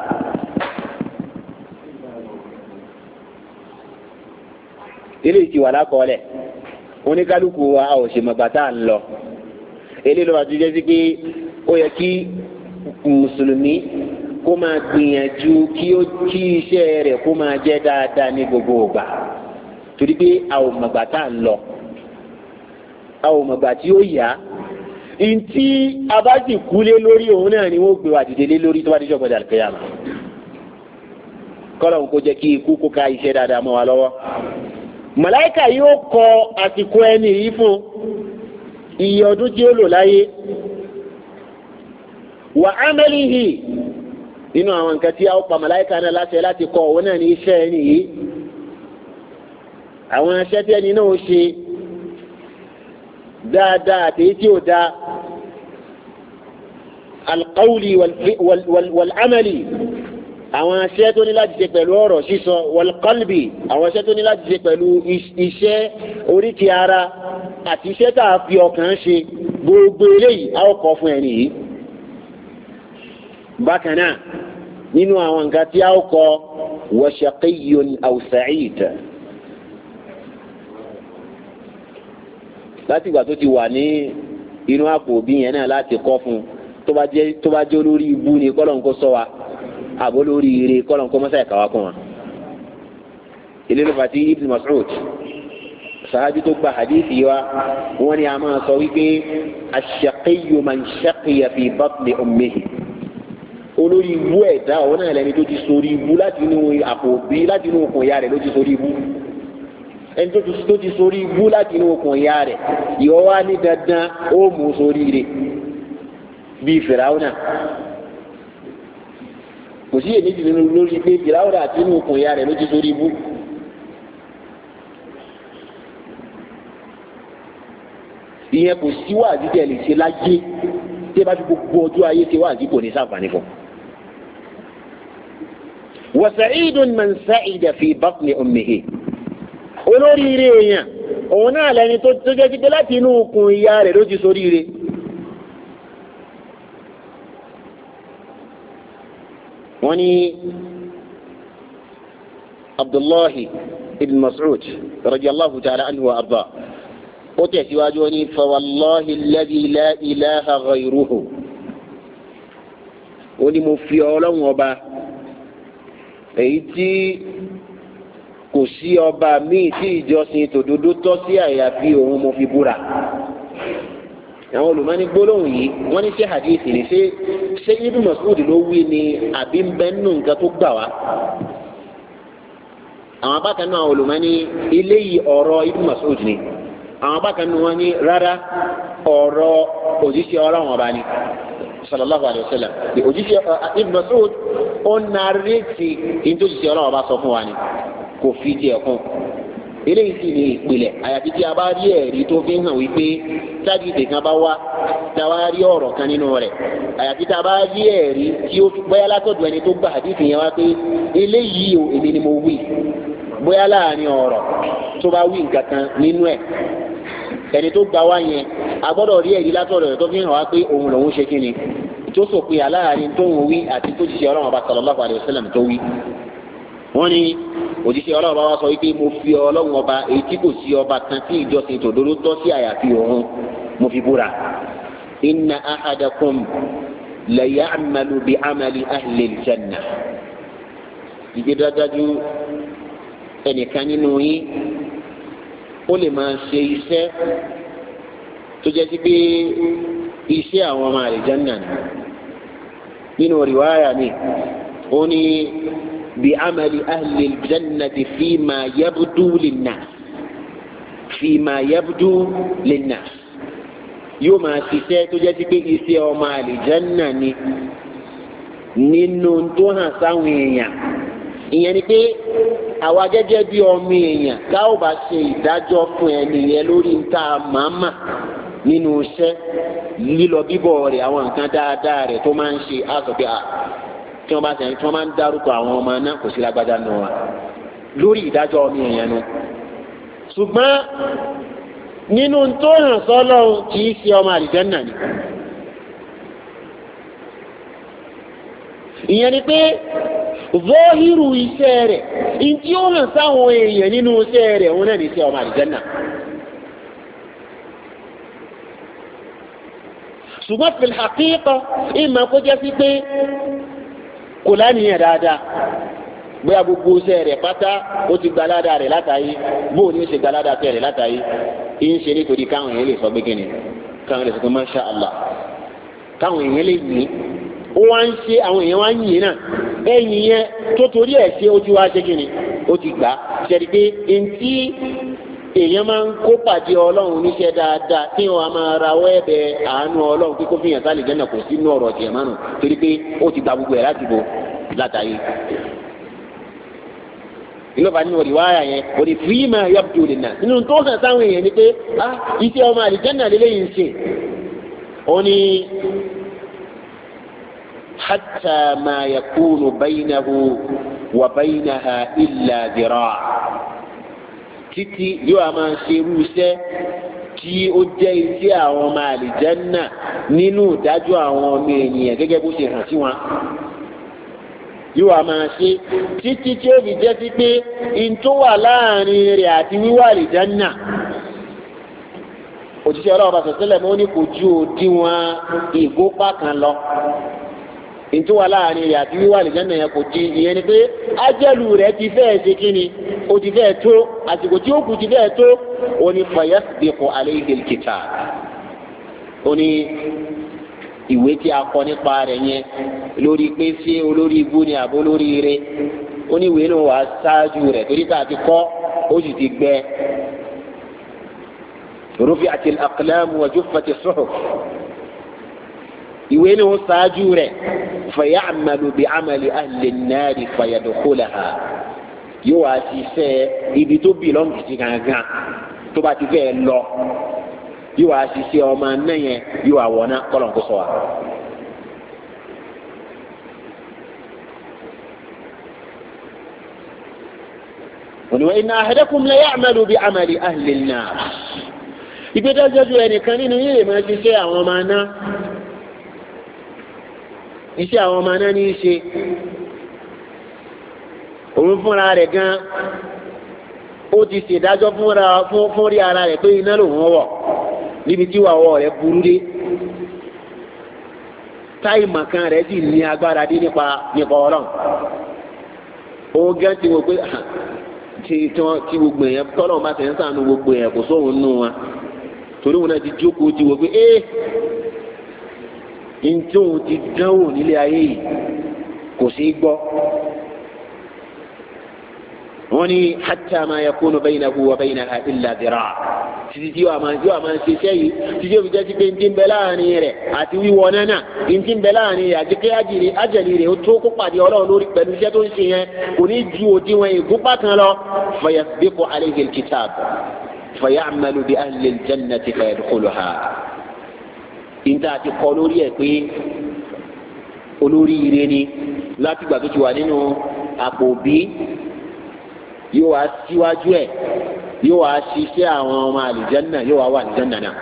[SPEAKER 1] ilé ìtiwà lákọọlẹ̀ oníkálukú wa a ò ṣe mọ̀gbà tá à ń lọ eléyìí lọ́wọ́ àti jẹ́ sí pé ó yẹ kí mùsùlùmí kó máa gbìyànjú kí ó kí iṣẹ́ rẹ̀ kó máa jẹ́ dáadáa ní gbogbo ògbà torí pé a ò mọ̀gbà tá à ń lọ a ò mọ̀gbà tí ó yá ntí abájì kúlé lórí òun náà ni wọ́n gbé wa dìde lé lórí tó bá dé jọgbọ́dọ̀ àlùkìyàmà kọ́lọ̀ ń kó jẹ́ kí ikú kó ka iṣẹ́ dáadáa mọ́ wa lọ́wọ́ màláìkà yóò kọ àsìkò ẹni yìí fún iye ọdún tí ó lò láyé wà á mẹ́rin yìí nínú àwọn nǹkan tí a ó pa màláìkà náà láṣẹ láti kọ òun náà ní iṣẹ́ ẹni yìí àwọn iṣẹ́ tí ẹni náà ó ṣe dáadáa àtẹ̀yí tí ó dáa alqawli wàlámẹ́lì àwọn aṣẹ́ tó ní láti ṣe pẹ̀lú ọ̀rọ̀ sísọ wàlqalbi àwọn aṣẹ́ tó ní láti ṣe pẹ̀lú iṣẹ́ oríkì ara àti iṣẹ́ tá a fi ọkàn ṣe gbogbo eléyìí a ó kọ fún ẹni yìí bákan nínú àwọn nǹkan tí a ó kọ wa shaqiyyun aw láti ìgbà tó ti wà ní inú àpò òbí yẹn náà láti kọ́ fún un tó bá jẹ́ tó bá jẹ́ olórí ibú ni kọ́lọ́n kó sọ wa àbó lórí ire kọ́lọ́n kó mọ́sá ìkàwá kún wa. ilé ló fàtí Ibn Mas'ud sàájú tó gba hadithi wa wọ́n ní a máa sọ wípé ash-shaqiyyu man shaqiya fi batni ummihi olórí ibú ẹ̀dá ọ̀hún náà lẹni tó ti sori ibú láti inú àpò láti inú okùn ìyá rẹ̀ ló ti sori ibú ẹni tó ti sórí ibú láti inú okùn ìyá rẹ̀ ìwọ wá ní dandan ó mú sórí rẹ̀ bíi fìràwọ́nà kò sí èmi jù nínú lórí pé fìràwọ́nà àti inú okùn ìyá rẹ̀ ló ti sórí ibú. ìyẹn kò sí wáàzí tẹ̀ lè ṣe láyé tí bá fi gbogbo ọjọ́ ayé ṣe wáàzí kò ní sàǹfààní fún un. وسعيد من سعد في بطن أمه olóríire èèyàn òun náà lẹni tó jẹ́ jíjẹ́ láti inú okùn ìyá rẹ̀ ló ti soríire wọ́n ní abdullahi ibn mas'ud radiyallahu ta'ala anhu wa arda ó tẹ̀síwájú ó ní fawallahi alladhi ilaha ghayruhu ó ní mo fi ọlọ́run ọba èyí tí kò sí ọba míì tí ìjọsìn tòdodo tọ́ sí àyàfi òun mo fi búra àwọn olùmọ́ni gbólóhùn yìí wọ́n ní ṣé hadith ni ṣé ṣé Ibn Mas'ud ló wí ni àbí ń bẹ nínú nǹkan tó gbà wá àwọn abákan náà àwọn olùmọ́ni eléyìí ọ̀rọ̀ Ibn Mas'ud ni àwọn abákan náà wọ́n ní rárá ọ̀rọ̀ òjíṣẹ́ ọlọ́run ọba ni sallallahu alayhi wa sallam òjíṣẹ́ Ibn Mas'ud ó narétí ní tó ṣiṣẹ́ ọlọ́run ọba sọ fún wa ni kò fi díẹ̀ kún eléyìí sì ni ìpìlẹ̀ àyàfi tí a bá rí ẹ̀rí tó fi hàn wípé sádìsì kan bá wá tá a wá rí ọ̀rọ̀ kan nínú rẹ̀ àyàfi tá a bá rí ẹ̀rí tí ó bóyá látọ̀dọ̀ ẹni tó gba àdìsì yẹn wá pé eléyìí o èmi ni mo wí bóyá láàrin ọ̀rọ̀ tó bá wí nǹkan kan nínú ẹ̀ ẹni tó gba wá yẹn a gbọ́dọ̀ rí ẹ̀rí látọ̀dọ̀ rẹ̀ tó fi hàn wá pé òun lòun ṣe kí ni tó sòpin àláàrin tóun wí àti tó ti ṣe ọlọ́run ọba sallallahu wọ́n ní òjíṣẹ́ ọlọ́run bá wá sọ wípé mo fi ọlọ́run ọba èyí tí kò sí ọba kan tí ìjọsìn tòdodo tọ́ sí àyàfi òun mo fi búra inna ahadakum la ya'malu bi amali ahli aljanna ìgbé dájú ẹnìkan nínú yín ó lè máa ṣe iṣẹ́ tó jẹ́ sí pé iṣẹ́ àwọn ọmọ àlìjánná nínú rìwáyà mi ó ní. بعمل أهل الجنة فيما fima للناس، فيما fima للناس، يوم yóò máa ṣiṣẹ́ tó jẹ́ sí pé iṣẹ́ ọmọ àlìjánná ni nínú tó hàn sáwọn èèyàn ìyẹn ni pé àwa gẹ́gẹ́ bí ọmọ èèyàn tá ò bá ṣe ìdájọ́ fún ẹni yẹn lórí níta màmá nínú iṣẹ́ lílọ bíbọ̀ rẹ̀ àwọn nǹkan dáadáa rẹ̀ tó máa ń ṣe á sọ tí wọ́n bá sẹ́yìn tí wọ́n máa ń dárúkọ àwọn ọmọ náà kò sí lágbájá nù wọn lórí ìdájọ́ ọmọ èèyàn nu ṣùgbọ́n nínú tó hàn sọ́lọ́ kì í ṣe ọmọ àlìjẹ́nà ni ìyẹn ni pé vọ́hírù iṣẹ́ rẹ̀ in tí ó hàn sáwọn èèyàn nínú iṣẹ́ rẹ̀ òun náà ní iṣẹ́ ọmọ àlìjẹ́nà ṣùgbọ́n fìlhàkíkọ ìmọ̀ kó jẹ́ sí pé kò lánìyàn dáadáa bóyá gbogbo iṣẹ́ rẹ̀ pátá ó ti gbalada rẹ̀ látàyè bó o ní ṣe gbalada tẹ rẹ̀ látàyè yìí ń ṣe nítorí káwọn èèyàn lè sọ pé kíni káwọn lè sọ pé masha allah káwọn èèyàn lè yìn ó wá ń ṣe àwọn èèyàn wá ń yìn náà ẹ̀yìn yẹn tó torí ẹ̀ ṣe ojú wa ṣe kíni ó ti gbà ṣẹ́ni pé ntí èèyàn máa ń kó pàdé ọlọ́run níṣẹ́ dáadáa tí wọn a máa rawọ́ ẹ̀bẹ̀ àánú ọlọ́run kíkó fi hàn sálì jẹ́nà kò sínú ọ̀rọ̀ tiẹ̀ mánu torí pé ó ti gba gbogbo ẹ̀ láti bò látàyè. inú bá nínú òdì wáyà yẹn òdì fíìmà yọ̀bù lè nà nínú tó hàn sáwọn èèyàn ni pé a ah, iṣẹ́ ọmọ àlìjẹ́nà lélẹ́yìn ṣe ó ní hàtà máa yẹ kúrò bẹ́yìn náà wà bẹ́yìn náà ilà dìrọ̀ títí yóò a máa ṣe irú iṣẹ́ tí ó jẹ́ iṣẹ́ àwọn ọmọ àlìjẹ́nà nínú ìdájọ́ àwọn ọmọ ènìyàn gẹ́gẹ́ bó ṣe hàn sí wọn yóò a máa ṣe títí tí ó fi jẹ́ sí pé n tó wà láàrin rẹ̀ àti wíwà àlìjẹ́nà òjíṣẹ́ ọlọ́run bá sọ sílẹ̀ mọ́ ní kò ju òdiwọ̀n ìgópá kan lọ ntí wà láàrin rẹ̀ àti wíwà àlìjánà yẹn kò di ìyẹn ni pé ajẹ́lu rẹ̀ ti fẹ́ẹ̀ ṣe kí ni o ti fẹ́ẹ̀ tó àsìkò tí ó kù ti fẹ́ẹ̀ tó o ní fayasbiqu alayhi al-kitab o ní ìwé tí a kọ nípa rẹ̀ yẹn lórí pé olórí ibú ni àbó lórí ire ó ní ìwé náà wà ṣáájú rẹ̀ torí tá ti kọ́ ó sì ti gbẹ. rufi'ati al-aqlam wa juffati as-suhuf ìwé ni ó ṣáájú rẹ̀ fayamalu bi amali ahli nari fayadukulaha yóò wá ṣiṣẹ́ ibi tó bì lọ́nkì sí gangan tó bá ti fẹ́ lọ yóò wá ṣiṣẹ́ ọmọ náà yẹn yóò wá wọ̀ náà kọ́lọ̀ kó sọ iná ahadakum la ya'malu bi amali ahli nnar ẹnìkan nínú yìí lè máa ṣiṣẹ́ àwọn ọmọ náà iṣẹ́ àwọn ọmọ náà ní í ṣe òun fúnra rẹ̀ gan ó ti ṣèdájọ́ fún rí ara rẹ̀ pé iná lòun wọ̀ níbi tí wàwọ̀ rẹ̀ burú dé táìmọ̀ kan rẹ̀ sì ní agbára dé nípa nípa ọlọ́run ó gẹ́ ti wò pé tí gbogbo èèyàn tọ́lọ̀ bá tẹ̀ ń sànú gbogbo èèyàn kò sóhun nù wọn torí wọn náà ti jókòó ti wò pé ntòun ti dánwò nílé ayé yìí kò sí gbọ́ wọ́n ní hatta ma yakunu baynahu wa baynaha illa dhira' títí tí wàá máa yóò máa ṣiṣẹ́ yìí títí yóò fi jẹ́ sí pé ntí ń bẹ láàrin rẹ̀ àti wíwọ nánà ntí ń bẹ láàrin rẹ̀ àti pé ajẹ̀lì rẹ̀ ó tó kó pàdé ọlọ́run lórí pẹ̀lú iṣẹ́ tó ń ṣe yẹn kò ní ju òdiwọ̀n ìgúnpá kan lọ fa yasbiqu alayhi al-kitab fa ya'malu bi ahli al-jannati fa yadkhuluha níta ti kọ lórí ẹ̀ pé olórí ire ni látìgbà tó ti wà nínú àpò òbí yóò wá síwájú ẹ̀ yóò wá ṣiṣẹ́ àwọn ọmọ àlìjánná yóò wá wà àlìjánná náà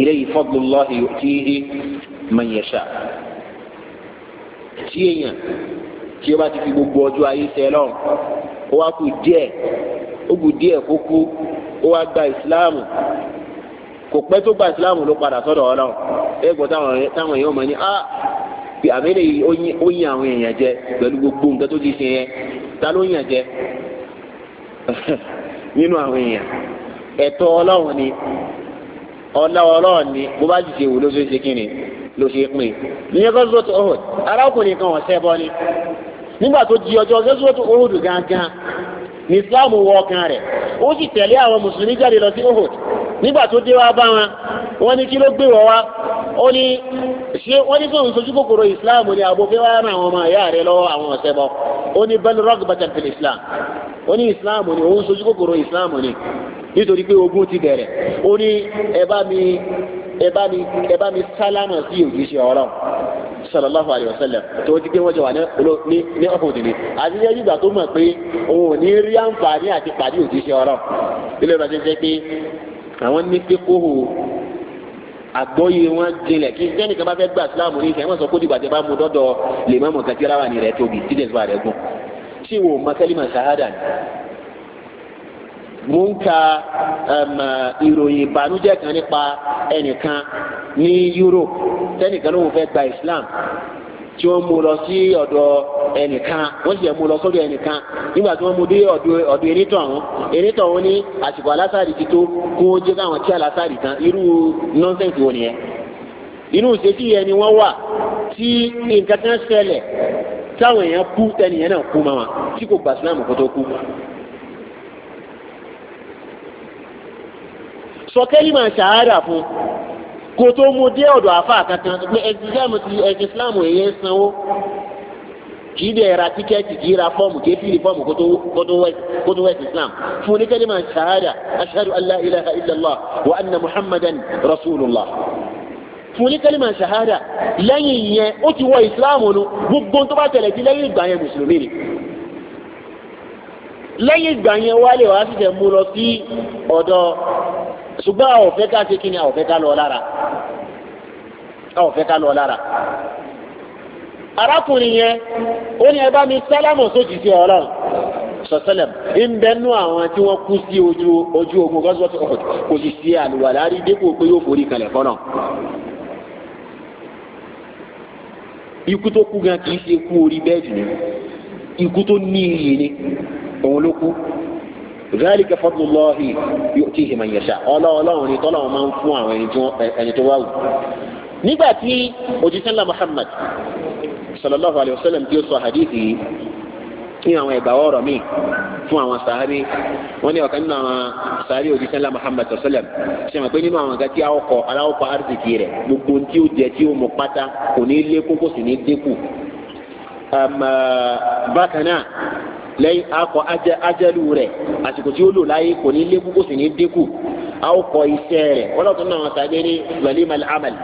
[SPEAKER 1] ilé fadlullahi yu'tihi man yasha tí èèyàn tí ó bá ti fi gbogbo ọjọ́ ayé sẹ́ lọ́rùn ó wá kù díẹ̀ ó kù díẹ̀ kó kú ó wá gba ìsìláàmù kò pẹ́ tó gba ìsìláàmù ló padà sọ́dọ̀ ọlọ́run ẹ gbọ́ táwọn èèyàn mọ̀ ní a ah, fi àmẹ́lẹ̀ yìí ó yin àwọn èèyàn jẹ pẹ̀lú gbogbo nǹkan tó ti ṣe yẹn ta ló yàn jẹ
[SPEAKER 2] [laughs]
[SPEAKER 1] nínú àwọn èèyàn ẹ̀tọ́ ọlọ́run ni ọlá ọlọ́run ni bó bá jìṣe wò ló ṣe ṣe kíni ló ṣe pín ìyẹn kan sọ́tò ọ̀hún arákùnrin kan ọ̀sẹ̀ bọ́ ni nígbà tó di ọjọ́ sọ́tò ọ̀hún gangan ní islam wọ ọkàn rẹ̀ ó sì tẹ̀lé àwọn mùsùlùmí jáde lọ sí ọ̀hún nígbà tó dé wá bá wọn wọ́n ní kí ló gbé wọ́n ó ní ṣe wọ́n ní sóhun sojú kòkòrò islam ní àbófẹ́ wá rán àwọn ọmọ ìyá rẹ̀ lọ́wọ́ àwọn ọ̀sẹ̀ bọ́ ó ní bẹ́ẹ̀ rọ́gbàtà fìlì islam ó ní islam ní òun sojú kòkòrò islam ní nítorí pé ogun ti bẹ̀rẹ̀ ó ní ẹ mi ẹ mi ẹ mi sálámà sí òjíṣẹ́ ọlọ́run sallallahu alayhi wa sallam tó ti gbé wọn jọ wà ní ní ọkùnrin tèmi àti ní ẹgbẹ́ tó mọ̀ pé òun ò ní rí àǹfààní àti pàdé òjíṣẹ́ ọlọ́run ilé ìrọ̀jẹ́ pé àwọn ní kékohò àgbọ́yé wọn jinlẹ̀ kí sẹ́nìkan bá fẹ́ gba sílámù ní ìfẹ́ wọn sọ kó dìgbà tẹ bá mú dọ́dọ̀ lè má mọ̀ nǹkan tí ráwà ní rẹ̀ tóbi tí dẹ̀ rẹ̀ gùn tí wò mọ́sálímà sàhádà ni. mo ń ka um, ìròyìn ìbànújẹ́ kan nípa ẹnìkan ní Europe sẹ́nìkan ló ń fẹ́ gba Islam tí wọ́n mú lọ sí ọ̀dọ̀ ẹnìkan wọ́n sì mú lọ sọ́dọ̀ ẹnìkan nígbà tí wọ́n mú dé ọ̀dọ̀ erétọ̀ àwọn erétọ̀ wọn ní àsìkò alásàrì ti tó kó jẹ́ káwọn tí alásàrì tán irú nọ́ńsẹ̀ǹsì wọn nìyẹn inú ìṣesí yẹn ni wọ́n wà tí nǹkan kan ṣẹlẹ̀ táwọn èèyàn kú tẹnìyẹn náà kú mọ́ wọn tí kò gbà sílámù kó tó kú. sọ máa ṣàárà fún kò tó mú dé ọ̀dọ̀ àfà kankan pé ẹ̀sìsìlámù ti ẹ̀sìsìlámù èyẹ sanwó kì í dẹ̀ ra tíkẹ́ẹ̀tì kì í ra fọ́ọ̀mù kì í fìlì fọ́ọ̀mù kó tó wẹ̀sì islam fún ní kẹ́lẹ́mà ṣahada ashhadu an la ilaha illallah wa anna muhammadan rasulullah fún ní kẹ́lẹ́mà ṣahada lẹ́yìn yẹn ó ti wọ ìsìlámù nu gbogbo tó bá tẹ̀lẹ̀ sí lẹ́yìn ìgbà yẹn mùsùlùmí ni lẹ́yìn ìgbà yẹn wálé wàá sì tẹ̀ mú lọ sí ọ̀dọ̀ ṣùgbọ́n àwọn òfẹ́ ká ṣe kí ni àwọn òfẹ́ ká lọ lára àwọn òfẹ́ ká lọ lára arákùnrin yẹn ó ní ẹ bá mi sálámù sójì sí ọlọ́run sọ̀sẹ́lẹ̀m ń bẹnu àwọn tí wọ́n kú sí ojú ogun gọ́sọ́tò kò sì sí àlùwàlá rí dépò pé yóò forí kalẹ̀ fọ́nà ikú tó kú gan kì í ṣe kú orí bẹ́ẹ̀dì ni ikú tó ní iyì ni òun ló kú ذلك فضل الله يؤتيه من يشاء الله ọlọ́run ni tọ́lọ́run máa ń fún àwọn ẹni tó wá wù. nígbà tí òjísánlá muhammad sallallahu alayhi wa sallam tí ó sọ hadithi yìí ní àwọn ẹ̀gbà ọ̀rọ̀ míì fún àwọn sàárì wọ́n ní ọ̀kan nínú àwọn sàárì òjísánlá muhammad sallam ṣe mọ̀ pé nínú àwọn nǹkan tí a ọkọ̀ aláwọ̀kọ̀ arzikì rẹ̀ gbogbo tí ó jẹ tí ó mọ pátá kò ní lékún kò sì ní dínkù. bákan náà lẹ́yìn akọ ajẹ́lu rẹ̀ àsìkò tí ó lò láyé kò ní lékún kò sì ní dínkù a ó kọ iṣẹ́ rẹ̀ wọ́n lọ́tún náà tàbí ní walima al-amal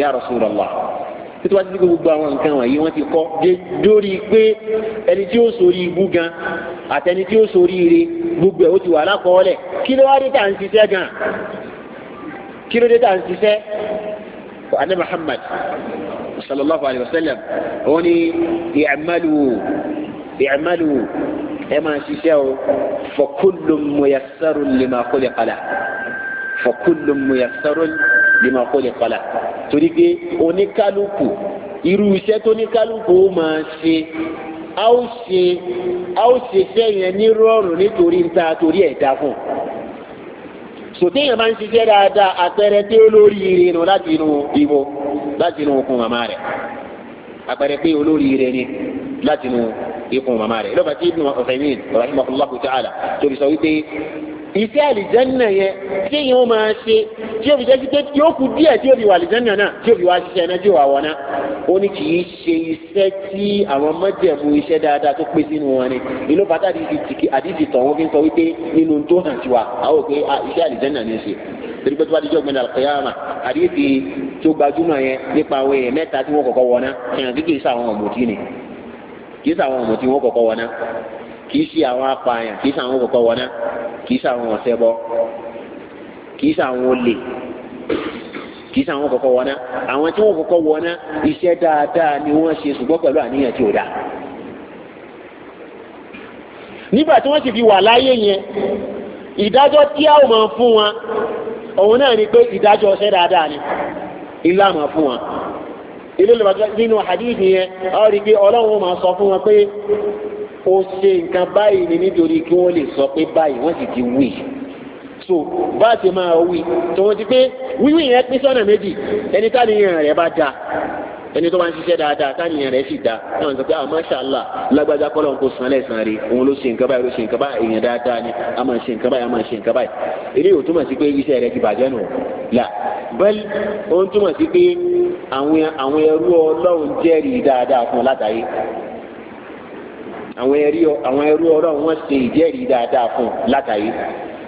[SPEAKER 1] ya Rasulullah títí wá títí gbogbo àwọn nǹkan wọ̀nyí wọ́n ti kọ́ dórí pé ẹni tí ó sórí ibú gan àtẹni tí ó sórí ire gbogbo ẹ̀ ó ti wà lákọọ́lẹ̀ kí ló wá dé tà gan kí ló dé tà ń ṣiṣẹ́ Muhammad sallallahu alayhi wa sallam wọ́n ní ìyàmálù i'malu ẹ máa ṣiṣẹ́ o fa kullun muyassarun lima khuliqa lah fa kullun muyassarun lima khuliqa lah torí pé oníkálukú irú iṣẹ́ tó oníkálukú máa ṣe a ó ṣe a ó ṣiṣẹ́ yẹn ní rọrùn nítorí níta torí ẹ̀dá fún sòtí yẹn máa ń ṣiṣẹ́ dáadáa àpẹẹrẹ tí ó lórí ire nù láti inú ibo láti inú okùn màmá rẹ̀ àpẹẹrẹ pé olórí ire ni láti inú ikùn màmá rẹ̀ lọ́ba tí ibùn ọ̀sẹ̀mìn rahimahullahu ta'ala torí sọ wípé iṣẹ́ àlìjánná yẹn tí yóò máa ṣe tí òbí jẹ́jú pé yóò kú díẹ̀ tí òbí wà àlìjánná náà tí òbí wá ṣiṣẹ́ náà tí ò wà wọ́n náà ó ní kì í ṣe iṣẹ́ tí àwọn mọ́jẹ̀mú iṣẹ́ dáadáa tó pé sínú wọn ni ìlú bàtà àdìsí tọ̀hún fi ń sọ wípé nínú tó hàn sí wa àwọn òkè iṣẹ́ àlìjánná ní í ṣe torí pé tó bá dijọ́ gbẹ̀dẹ̀ àlùkìyàmà àdìsí tó gbajúmọ̀ yẹn nípa àwọn èèyàn mẹ́ta tí wọ́n kọ̀kọ́ wọ kì í ṣe àwọn ọ̀mùtí wọn kọ́kọ́ wọná kì í ṣe àwọn apààyàn kì í ṣe àwọn kọ́kọ́ wọná kì í ṣe àwọn ọ̀sẹ̀bọ kì í ṣe àwọn olè kì í ṣe àwọn kọ́kọ́ wọná àwọn tí wọn kọ́kọ́ wọná iṣẹ́ dáadáa ni wọ́n ṣe ṣùgbọ́n pẹ̀lú àníyàn tí ò dáa nígbà tí wọ́n sì fi wà láyé yẹn ìdájọ́ tí a ò máa fún wọn òun náà ni pé ìdájọ́ ọ̀sẹ̀ dáadáa ni ìlànà fún wọn ilé ìlúbàjẹ́ nínú hadith yẹn a rí pé ọlọ́run máa sọ fún wọn pé ó ṣe nǹkan báyìí ni nítorí kí wọ́n lè sọ pé báyìí wọ́n sì ti wí so bá a ti máa wí tòun ti pé wíwí yẹn pín sọ́nà méjì ẹni táníyàn rẹ̀ bá da ẹni tó bá ń ṣiṣẹ́ dáadáa táníyàn rẹ̀ sì da náà sọ pé àwọn ah, mashallah lágbájá kọ́lọ̀ kó san lẹ́sàn òun ló ṣe nǹkan báyìí ló ṣe nǹkan báyìí èèyàn dáadáa bẹ́ẹ̀ ó ń túmọ̀ sí pé àwọn àwọn ẹrú ọlọ́run jẹ́rìí dáadáa fún ọ látàyè àwọn ẹrú àwọn ẹrú ọlọ́run wọ́n ṣe ìjẹ́rìí dáadáa fún ọ látàyè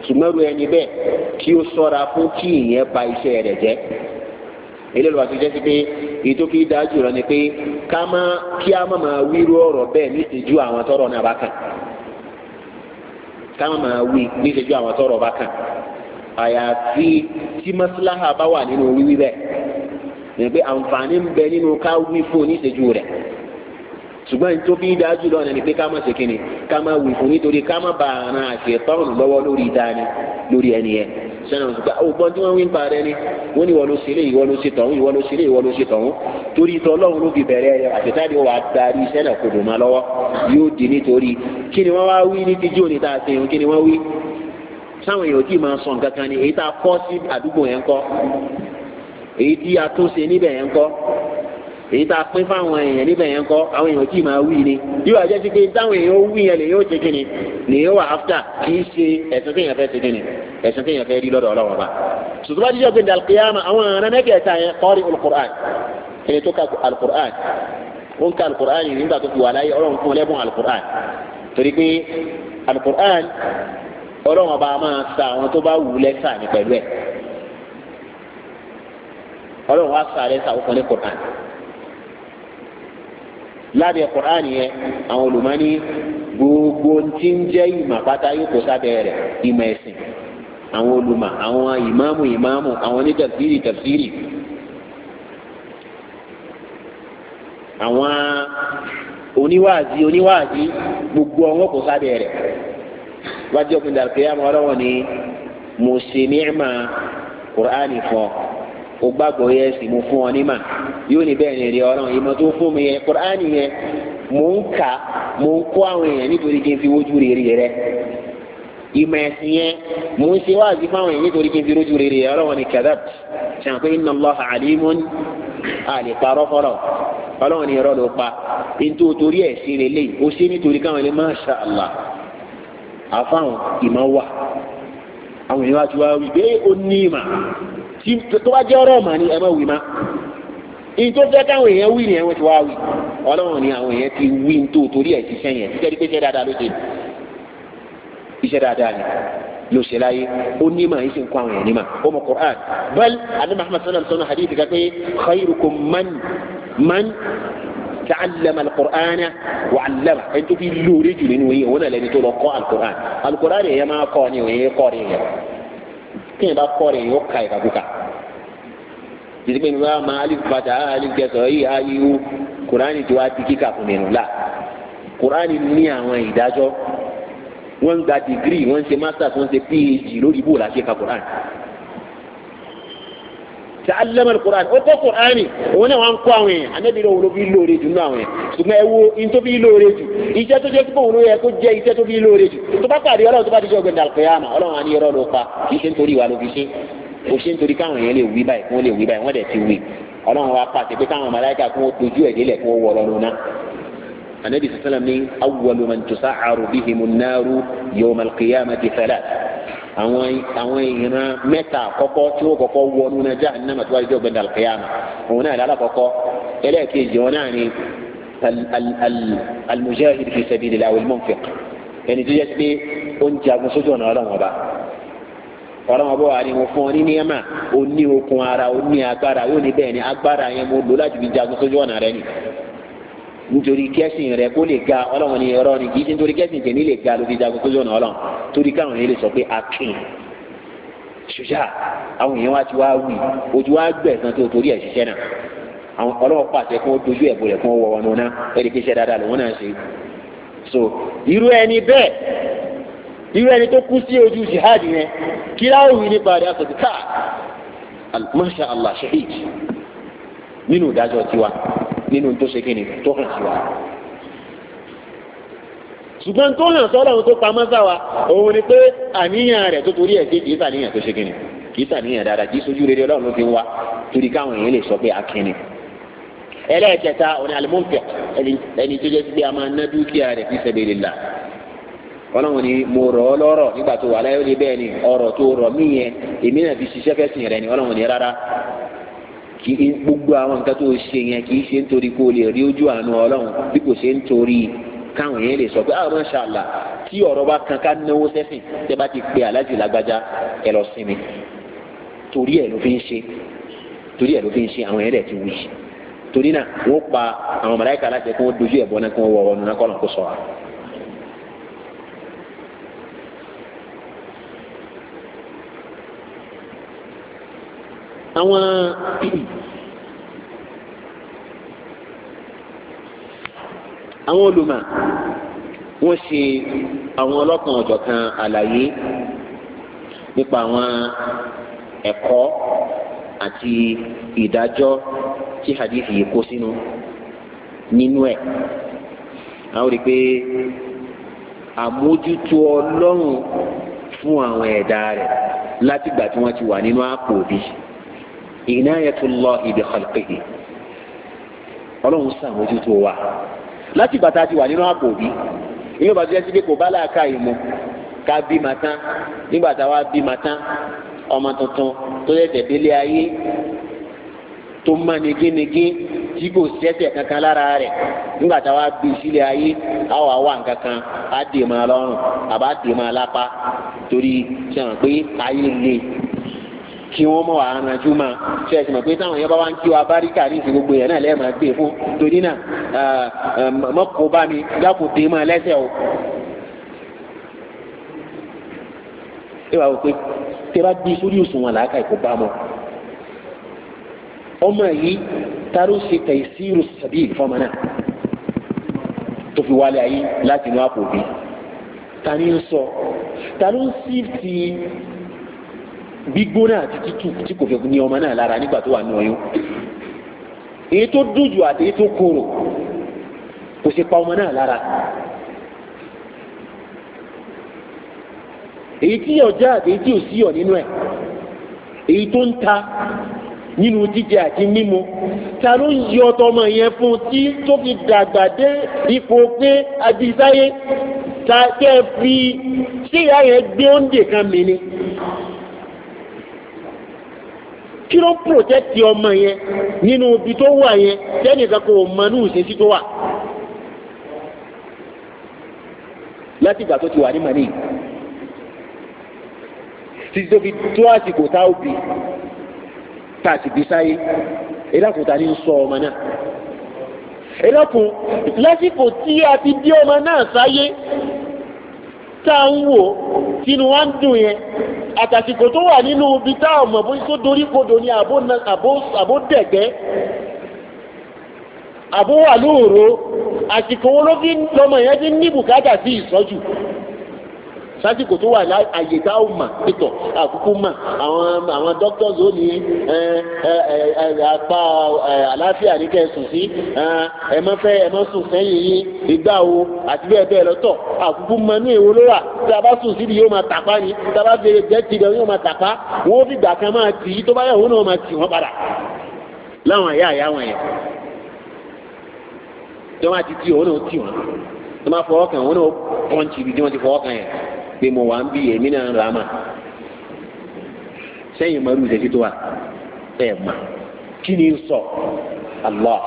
[SPEAKER 1] ṣùgbọ́n ru ẹni bẹ́ẹ̀ kí ó sọ́ra fún kí ìyẹn ba iṣẹ́ rẹ̀ jẹ́ eléyìí wàá ti jẹ́ sí pé èyí tó kí dájú rẹ ni pé ká má kí á má máa wíru ọ̀rọ̀ bẹ́ẹ̀ níṣẹ́jú àwọn tọ́rọ̀ náà bá kàn ká má máa wí níṣẹ́jú àwọn tọ́rọ̀ bá kàn àyàfi tí mọ́síláhà bá wà nínú wíwí bẹ́ẹ̀ yẹn pé àǹfààní ń bẹ nínú ká wí fún oníṣẹ́jú rẹ̀ ṣùgbọ́n tó fi dáa jùlọ ní pé ká má ṣe kíni ká má wí fún nítorí ká má ba àrùn àṣẹ tọ́rùn lọ́wọ́ lórí dání lórí ẹni yẹn sẹ́nà ṣùgbọ́n ògbọ́n tí wọ́n wí ń pa rẹ ni wọ́n ní ìwọ ló ṣe lé ìwọ ló ṣe tọ̀hún ìwọ ló ṣe lé ìwọ ló ṣe tọ̀hún torí tọ́ lọ́hún ló fi bẹ̀rẹ̀ rẹ àṣetáde wà á darí sẹ́nà kodò má lọ́wọ́ yóò di nítorí kí ni wọ́n wá wí ní tíjú òní tá a ṣe kí ni wọ́n wí sáwọn èèyàn tí máa sọ nǹkan kan ni èyí tá a kọ́ sí àdúgbò yẹn kọ́ èyí tí a tún ṣe níbẹ̀ yẹn kọ́ èyí tá a pín fáwọn èèyàn níbẹ̀ yẹn kọ́ àwọn èèyàn tí máa wí ni yóò wá jẹ́ sí pé táwọn èèyàn ó wí yẹn lè yóò ṣe kí ni lè yóò wà áfítà kì í ṣe ẹ̀sìn téèyàn fẹ́ ṣe kí ni ẹ̀sìn téèyàn fẹ́ rí lọ́dọ̀ ọlọ́wọ́ bá ṣùgbọ́n àdìjọ́ gbé dàlùkìyàmà àwọn ará mẹ́kẹ̀ẹ́ta yẹn kọ́rí olùkùrán ẹni tó ka alùkùrán ó ń ka alùkùrán nígbà tó fi wà láyé ọlọ́run fún ọlẹ́bùn alùkùrán ọlọ́run ọba máa sa àwọn tó bá wù lẹ́sà ní pẹ̀lú ẹ̀ ọlọ́run wá sa lẹ́sà ó kàn ní lábẹ́ yẹn àwọn olùmọ́ni gbogbo nti ń jẹ́ ìmọ̀ pátá yóò kó sábẹ́ rẹ̀ ìmọ̀ ẹ̀sìn àwọn olùmọ̀ àwọn ìmáàmù ìmáàmù àwọn ní àwọn oníwàásí gbogbo kó sábẹ́ wájú òpin dàrúkìyàmù ọlọ́wọ́ ni mo ṣe ní ẹ̀ma kùránì fún ọ gbàgbọ́ yẹ sì mo fún ọ nímà yóò ní bẹ́ẹ̀ ni èrè ọlọ́run ìmọ̀ tó fún mi yẹ kùránì yẹ mo ń kà mo ń kó àwọn èèyàn nítorí kí n fi wojú rere rẹ ìmọ̀ ẹ̀sìn yẹn mo ń ṣe wáàzí fáwọn èèyàn nítorí kí n fi wojú rere rẹ ọlọ́run ni kadab ṣàǹkó inna Allaha alimun àlè parọ́ fọ́rọ̀ ọlọ́run ni irọ́ pa ntòtórí ẹ̀sìn lélẹ́yìn ó ṣe nítorí káwọn ẹlẹ́mọ̀ ṣáà àfáwọn ìmọ̀ wà àwọn èèyàn àti wá wí pé ó ní ìmọ̀ tí tó bá jẹ́ ọ̀rọ̀ ọ̀mà ni ẹ máa wí má ìyí tó fẹ́ káwọn èèyàn wí ni ẹ wọ́n ti wá wí ọlọ́run ni àwọn èèyàn ti wí ní tó torí ẹ̀ ti sẹ́yìn ẹ̀ ti pé iṣẹ́ dáadáa ló ṣe iṣẹ́ dáadáa ni ló ṣe láyé ó ní mà yìí ṣe ń kó àwọn èèyàn ní mà ó Qur'an bal anabi sallam sọnà hadith gàgbé khairukum man man ta'allama alukur'ana wa allama ẹni tó fi lóore jù nínú القرآن. القرآن náà lẹni tó lọ kọ́ alukur'an alukur'an yẹn máa kọ́ ni òun yẹn kọ́ ni yẹn kí yẹn bá kọ́ ni yẹn ó ka ìkàkùkà títí pé nígbà máa alif bàtà alif la kur'an ní àwọn ìdájọ́ wọ́n gba dìgírì wọ́n ṣe masters wọ́n ṣe phd lórí ibùdó àti ẹ̀ka kur'an ta'allama al-Qur'an ó kọ́ Qur'ani òun náà wọ́n ń kọ́ àwọn yẹn anábì náà wọ́n ló fi lóore jù nínú àwọn yẹn ṣùgbọ́n ẹ wo in tó fi lóore jù iṣẹ́ tó jẹ́ pé òun ló yẹ kó jẹ́ iṣẹ́ tó fi lóore jù tó bá pàdé ọlọ́run tó bá dijọ́ gbẹ̀dà al-qiyama ọlọ́run á ní ẹrọ ló pa kì í ṣe nítorí wa ló fi ṣe kò ṣe nítorí káwọn yẹn lè wí báyìí kí wọ́n lè wí báyìí wọ́n dẹ̀ ti wí ọlọ́run wa pàṣẹ pé káwọn màláíkà kí wọ́n dojú ẹ̀ délẹ̀ kí wọ́n wọ ọlọ́run náà النبي صلى الله عليه وسلم أول من تسعر بهم النار يوم القيامة ثلاث àwọn àwọn ìran mẹ́ta àkọ́kọ́ tí ó kọ́kọ́ wọnú náà jahannama tó wáyé jẹ́ ògbẹ́ndà al-qiyama òun náà lálẹ́ àkọ́kọ́ ẹlẹ́ẹ̀kejì wọn náà ni al-mujahid fi sabilillah wal-munfiq ẹni tó yẹ pé ó ń jagun sójú ọ̀nà ọlọ́run ọba ọlọ́run ọba wa ni mo fún ọ ní níyàmà ó ní okun ara ó ní agbára yóò ní bẹ́ẹ̀ ni agbára yẹn mo lò láti fi jagun sójú ọ̀nà rẹ ni nítorí kẹ́sìn rẹ kó lè ga ọlọ́run ní ọ̀rọ̀ ni kì í ṣe nítorí kẹ́sìn tèmi lè ga ló fi jagun sójú ọ̀nà ọlọ́run torí káwọn yẹn lè sọ pé akin ṣùṣà àwọn èèyàn wá ti wá wì ojú wá gbẹ̀sán tó torí ẹ̀ ṣiṣẹ́ náà àwọn ọlọ́wọ́ pàṣẹ kó dojú ẹ̀bù rẹ̀ kó wọ ọ̀nà náà ẹ̀rí kí iṣẹ́ dáadáa lòun náà ṣe so irú ẹni bẹ́ẹ̀ irú ẹni tó kú sí ojú jihad yẹn kí láwùí nípa rẹ̀ nínú ìdájọ́ tiwa nínú tó ṣe kíni tó hàn tiwa. ṣùgbọ́n tó hàn sọ́dọ̀ ohun tó pamọ́ sáwa òun ni pé àníyàn rẹ̀ tó torí ẹ̀ ṣe kì í sàníyàn tó ṣe kíni kì í sàníyàn dáadáa kì í sojú rere ọlọ́run ló fi ń wa torí káwọn èèyàn lè sọ pé akínni ẹlẹ́ẹ̀kẹta ọ̀nà àlùmọ́ǹfẹ̀ ẹni tó jẹ́ pé a máa ná dúkìá rẹ̀ fi sabilillah ọlọ́run ni mo rọ̀ ọ́ lọ́rọ̀ nígbà tó wà láyé ó lè bẹ́ẹ̀ ni ọ̀rọ̀ tó rọ̀ mí èmi náà fi ṣiṣẹ́ fẹ́ sìn rẹ̀ ni ọlọ́run ni rárá kì í gbogbo àwọn nǹkan tó ṣe yẹn kì í ṣe nítorí kó o lè rí ojú àánú ọlọ́run bí kò ṣe nítorí káwọn yẹn lè sọ pé àwọn ah, masha Allah tí ọ̀rọ̀ bá kan ká náwó sẹ́sìn tẹ́ bá ti pe aláàjì lágbájá ẹ lọ sinmi torí ẹ̀ ló fi ń ṣe torí ẹ̀ ló fi ń ṣe àwọn yẹn lẹ̀ ti wí torí náà wọ́n pa àwọn màláíkà aláṣẹ kí wọ́n dojú ẹ̀ bọ́ náà kí wọ́n wọ ọ̀nà kọ́nà kó àwọn [clears throat] àwọn olùmọ̀ wọ́n ṣe àwọn ọlọ́kan ọ̀jọ̀kan àlàyé nípa àwọn ẹ̀kọ́ àti ìdájọ́ tí hadithi yìí kó sínú nínú ẹ̀ àwọn rí i pé àmójútó ọlọ́run fún àwọn ẹ̀dá rẹ̀ látìgbà tí wọ́n ti wà nínú àpò bíi inayatullahi bi khalqihi ọlọ́run sàmójútó wa láti bàtà ti wà nínú àpò òbí inú bàtà jẹ́ síbi kò bá láàka ìmọ̀ ká bímọ tán nígbà tá a wá bímọ tán ọmọ tuntun tó yẹ tẹ̀délé ayé tó má negenege tí kò sẹ́sẹ̀ kankan lára rẹ̀ nígbà tá a wá bí sílé ayé a wà wà nǹkan á dè máa lọ́rùn àbá dè máa lápá torí sàn pé ayé le kí wọ́n mọ̀ àrànjú ma ṣe é sìmọ̀ pé táwọn yẹn bá wá ń kí wa báríkà ní ìsìn gbogbo yẹn náà lẹ́ẹ̀ máa gbé e fún torí náà mọ́kò bá mi dákò dé máa lẹ́sẹ̀ o. ẹ wá wò pé tẹ bá bí sórí òṣùwọ̀n làákà ìkó bá mọ́ ọmọ yìí taro ṣe tẹ̀síìrù sàbí ìfọ́mọ náà tó fi wálé ayé láti inú àpò bí ta ni ń sọ ta ló ń sí ti gbígbóná àti tútù tí kò fi ní ọmọ náà lára nígbà tó wà ní ọyún èyí tó dùn jù àti èyí tó korò kò sì pa ọmọ náà lára èyí tí yọ̀ já àti èyí tí ò sí yọ̀ nínú ẹ̀ èyí tó ń ta nínú jíjẹ àti mímu ta ló ń yọ ọtọmọ yẹn fún tí tó fi dàgbà dé ipò pé abisáyé ta tẹ́ fi ṣé yẹn gbé oúnjẹ kan mi ni kí ló protẹ́tì ọmọ yẹn nínú ibi tó wà yẹn tẹ́nìkan kò mọ ní ìṣesí tó wà láti ìgbà tó ti wà ní mani títí tó fi tó àsìkò tá ó bì tá a sì bí sáyé elákùn ta ni ń sọ ọmọ náà elákùn lásìkò tí a ti bí ọmọ náà sáyé tá ń wò tínú wá ń dùn yẹn àtàsìkò tó wà nínú ibi tá ọmọ bó tó dorí kodò ní àbó dẹ̀gbẹ́ àbó wà lóòrò àsìkò wọn ló fi lọmọ yẹn ti ní bùkátà sí ìsọ́jú sásìkò tó wà láàyè tá ò mà pẹ̀tọ̀ àkókò mà àwọn àwọn doctors ó ní apá àlàáfíà ní kẹsùn sí ẹ mọ fẹ́ ẹ mọ sùn sẹ́yìn yín ìgbà wo àti bẹ́ẹ̀ bẹ́ẹ̀ lọ́tọ̀ àkókò mà ní èwo ló wà tí a bá sùn síbi yóò máa tàpá ni tí a bá fèrè jẹ́ ti rẹ̀ yóò máa tàpá wọn ó fìgbà kan máa tì í tó bá yẹ òun náà máa tì wọ́n padà láwọn àyà àyà wọn yẹn tí wọ́n á ti tì òun náà ó tì wọ́n tó máa fọwọ́ kàn wọ́n náà pọ́ǹtì ibi tí wọ́n ti fọwọ́ kàn yẹn pé mo wà ń bí èmi náà ń ra mà sẹ́yìn mọ́rú ìṣẹ́jú tó wà ẹ̀ mà kí ni ń sọ Allah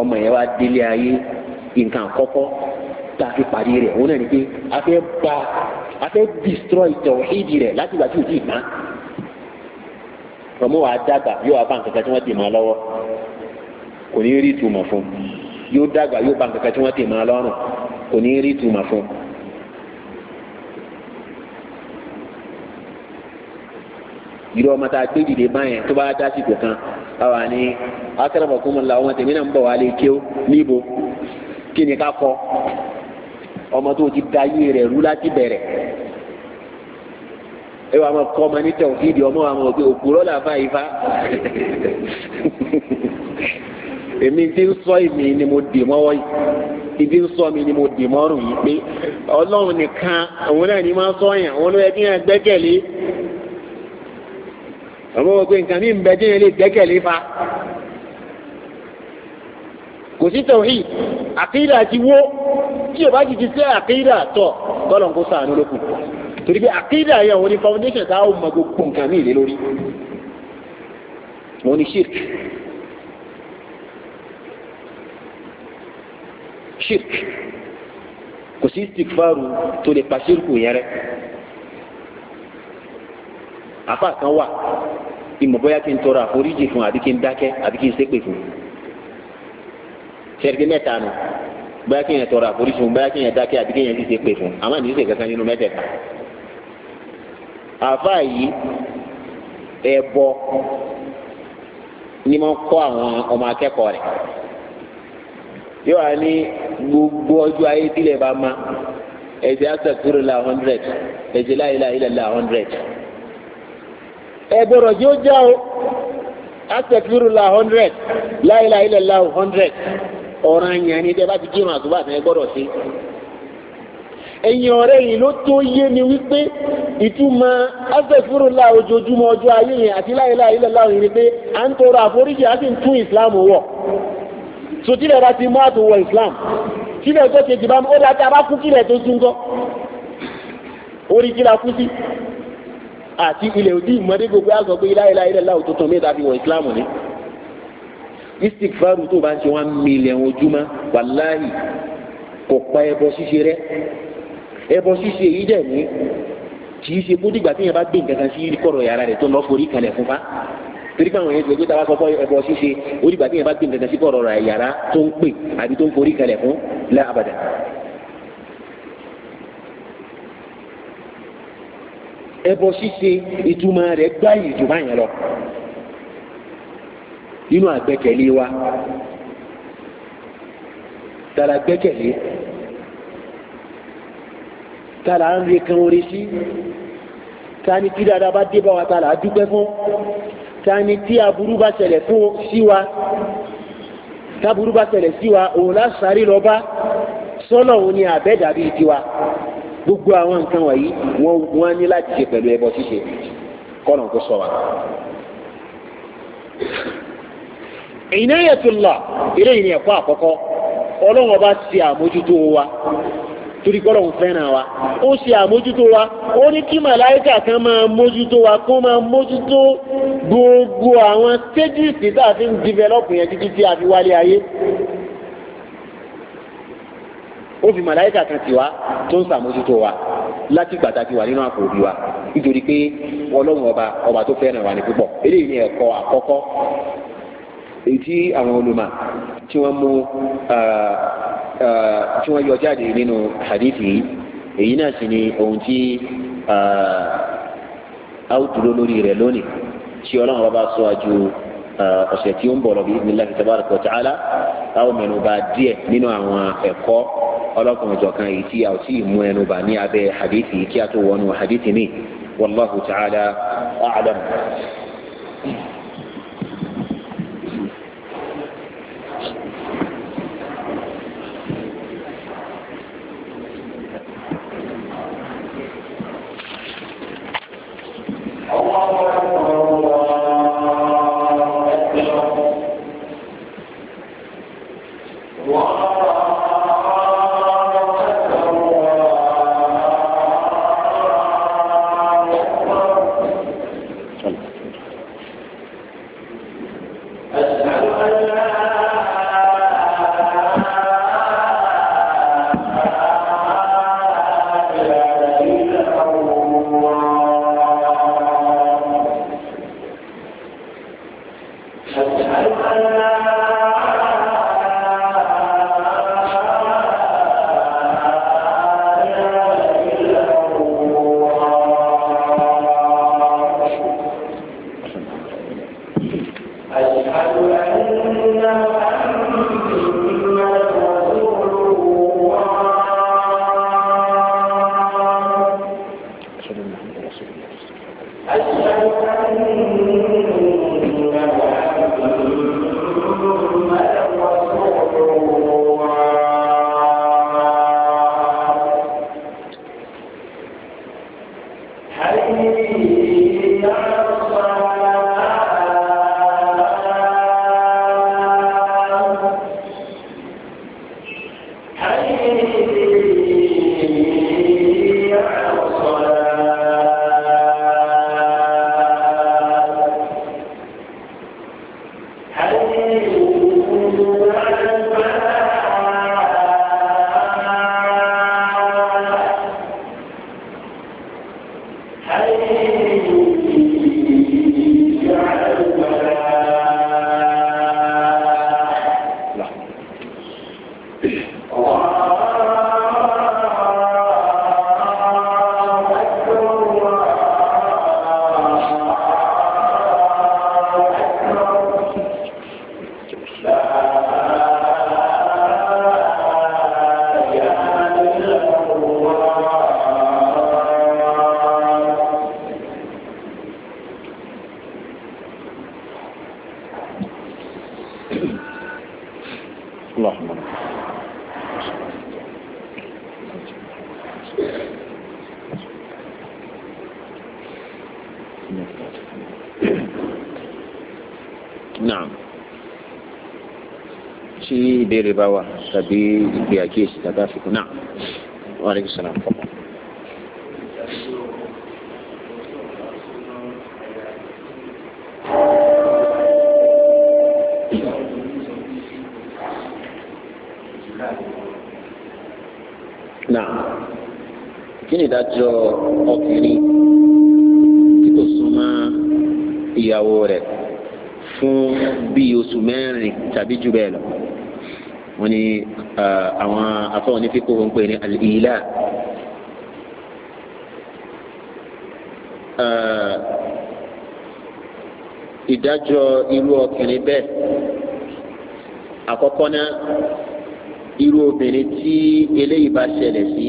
[SPEAKER 1] ọmọ yẹn wá délé ayé nǹkan àkọ́kọ́ tá a fi parí rẹ̀ òun náà ni pé a fẹ́ ba a fẹ́ destroy tọ̀hídì rẹ̀ láti ìgbà tí o ti gbà ọmọ wa dàgbà yóò wá bá nǹkan kan tí wọ́n dì mọ́ lọ́wọ́ kò ní rí ìtumọ̀ fún yóò dàgbà yóò bá nǹkan tí wọ́n dì mọ́ lọ́rùn kò ní rí ìtumọ̀ fún irú ọmọ tá a gbé dìde báyẹn tó bá dá sí ìgbò kan àwa ni akramakumullah ọmọ tèmi ń bọ̀ wá lè kéw níbo kí ni ká kọ ọmọ tó ti da yé rẹ̀ rú láti bẹ̀rẹ̀ ẹ wà máa kọ́ ọmọ ní tẹ̀wọ́fíìdì ọmọ wa máa gbé òkúrọ́ là bá ifá [laughs] èmi ti ń sọ èmi ni mo dì mọ́wọ́ yìí ibi ń sọ mi ni mo dì mọ́rùn yìí pé ọlọ́run nìkan òun náà ni máa sọ yàn òun ló yẹ kí yàn gbẹ́kẹ̀lé ọmọ wọn pé nǹkan mi ń bẹ jẹ́yìn lè gbẹ́kẹ̀lé fa kò sí tọ̀hí àkídà ti wó tí o bá ti ti sẹ́ àkídà tọ̀ kọ́lọ̀n kó sàánú lókù torí pé àkídà yẹn òun ni foundation tá ó mọ gbogbo nǹkan mi lé lórí òun ni shirk shirk kò sí stikfaru tó lè pa shirku yẹn rẹ apá kan wà ìmọ̀ bóyá kí n tọrọ àforíjì fún àbí kí n dákẹ́ àbí kí n ṣépè fún ṣẹ́rìkì mẹ́ta nù bóyá kí n tọrọ àforíjì fún bóyá kí n dákẹ́ àbí kí n ṣépè fún àmọ́ ní ṣe kankan nínú mẹ́tẹ̀ẹ̀ta. àfa yìí ẹ̀bọ ni wọ́n kọ́ àwọn ọmọ akẹ́kọ̀ọ́ rẹ̀ yóò wá ní gbogbo ọjọ́ ayé tílẹ̀ bá ma ẹ̀jẹ̀ asàkúrò la hundred ẹ̀jẹ̀ láyé láyé la hundred. ẹgbọ́rọ̀ jí já o asẹ̀kúrúlà hundred láìláì lẹ́la o 100 ọ̀rọ̀ yẹn ni bá ti kírun àtúbà tẹ́ gbọ́dọ̀ sí. ọ̀rẹ́ ló tó yé ni wípé ìtumọ̀ ojoojúmọ́ ọjọ́ ayé pé ń tọrọ àforíjì sì ń tún wọ̀ so ti mú a àti ilẹ̀ òdì ìmọ̀dé gbogbo àgọ́ pé iláyìlá ilẹ̀ láwù tuntun mi ta fi wọ̀ ìsìláàmù ni istikfaru tó bá ń ṣe one million ojúmọ́ wàláhì kò pa ẹbọ ṣíṣe rẹ ẹbọ ṣíṣe yìí dẹ̀ ní kì í ṣe kó dìgbà tí yẹn bá gbé nǹkan kan sí kọ̀rọ̀ yàrá rẹ̀ tó lọ́ forí kalẹ̀ fún fa torí báwọn yẹn ti gbé tàbá kọ́kọ́ ẹbọ ṣíṣe ó dìgbà tí yẹn bá gbé nǹkan kan sí kọ̀rọ̀ yàrá tó ń pè àbí tó ń forí kalẹ̀ fún láàbàdà ẹbọ ṣíṣe ìtumọ̀ rẹ̀ gbáyé jù báyẹn lọ nínú àgbẹ́kẹ̀lé wa tara gbẹ́kẹ̀lé tara ń re kan orí sí ta ni tí dáadáa bá dé bá wa tara dúpẹ́ fún ta ni tí aburú bá ṣẹlẹ̀ fún sí wa taburú bá ṣẹlẹ̀ sí wa òun lásàárì lọ bá sọ́nà òun ni àbẹ́dàbí tiwa gbogbo àwọn nǹkan wọ̀nyí wọ́n wọ́n ní láti ṣe pẹ̀lú ẹbọ ṣíṣe kọ́nà kó sọ wa. ìnáyàtúlá eléyìí ni ẹ̀kọ́ àkọ́kọ́ ọlọ́run ọba ṣe àmójútó wa torí kọ́lọ́run fẹ́ràn wa ó ṣe àmójútó wa ó ní kí màláìkà kan máa mójútó wa kó máa mójútó gbogbo àwọn stages tí tá a fi ń develop yẹn títí tí a fi wálé ayé ó fi màláìkà kan tì wá tó ń sàmójútó wa láti gbàtà ti wà nínú àpò òbí wa nítorí pé ọlọ́run ọba ọba tó fẹ́ràn wa ní púpọ̀ eléyìí ni ẹ̀kọ́ àkọ́kọ́ èyí àwọn olùmọ̀ tí wọ́n mú tí wọ́n yọ jáde nínú hadithi yìí èyí náà sì ni ohun tí a ó dúró lórí rẹ̀ lónìí tí ọlọ́run ọba sọ àjò ọ̀sẹ̀ tí ó ń bọ̀ lọ bí ibùdó láti tabaraka wa ta'ala a ó mẹ́nu bà díẹ̀ nínú àwọn ẹ̀kọ́ ọlọ́kùnrin jọ̀kan èyí tí a ò tí ì mú ẹnu bà ní abẹ́ hadithi kí a tó wọnú hadithi ní wàlláhu ta'ala a'lam.
[SPEAKER 2] Thank you.
[SPEAKER 1] bá wà tàbí ìpè àkíyèsí tàbí àfikún náà wà ní sọ̀rọ̀ àpapọ̀. náà kí ni ìdájọ́ ọkùnrin tí kò súnmọ́ ìyàwó rẹ̀ fún bíi oṣù mẹ́rin tàbí jù bẹ́ẹ̀ lọ wọ́n ní àwọn afọwọ́n ní fíkó ń pè ní al-ila. ìdájọ́ irú ọkùnrin bẹ́ẹ̀ àkọ́kọ́ náà irú obìnrin tí eléyìí bá ṣẹlẹ̀ sí.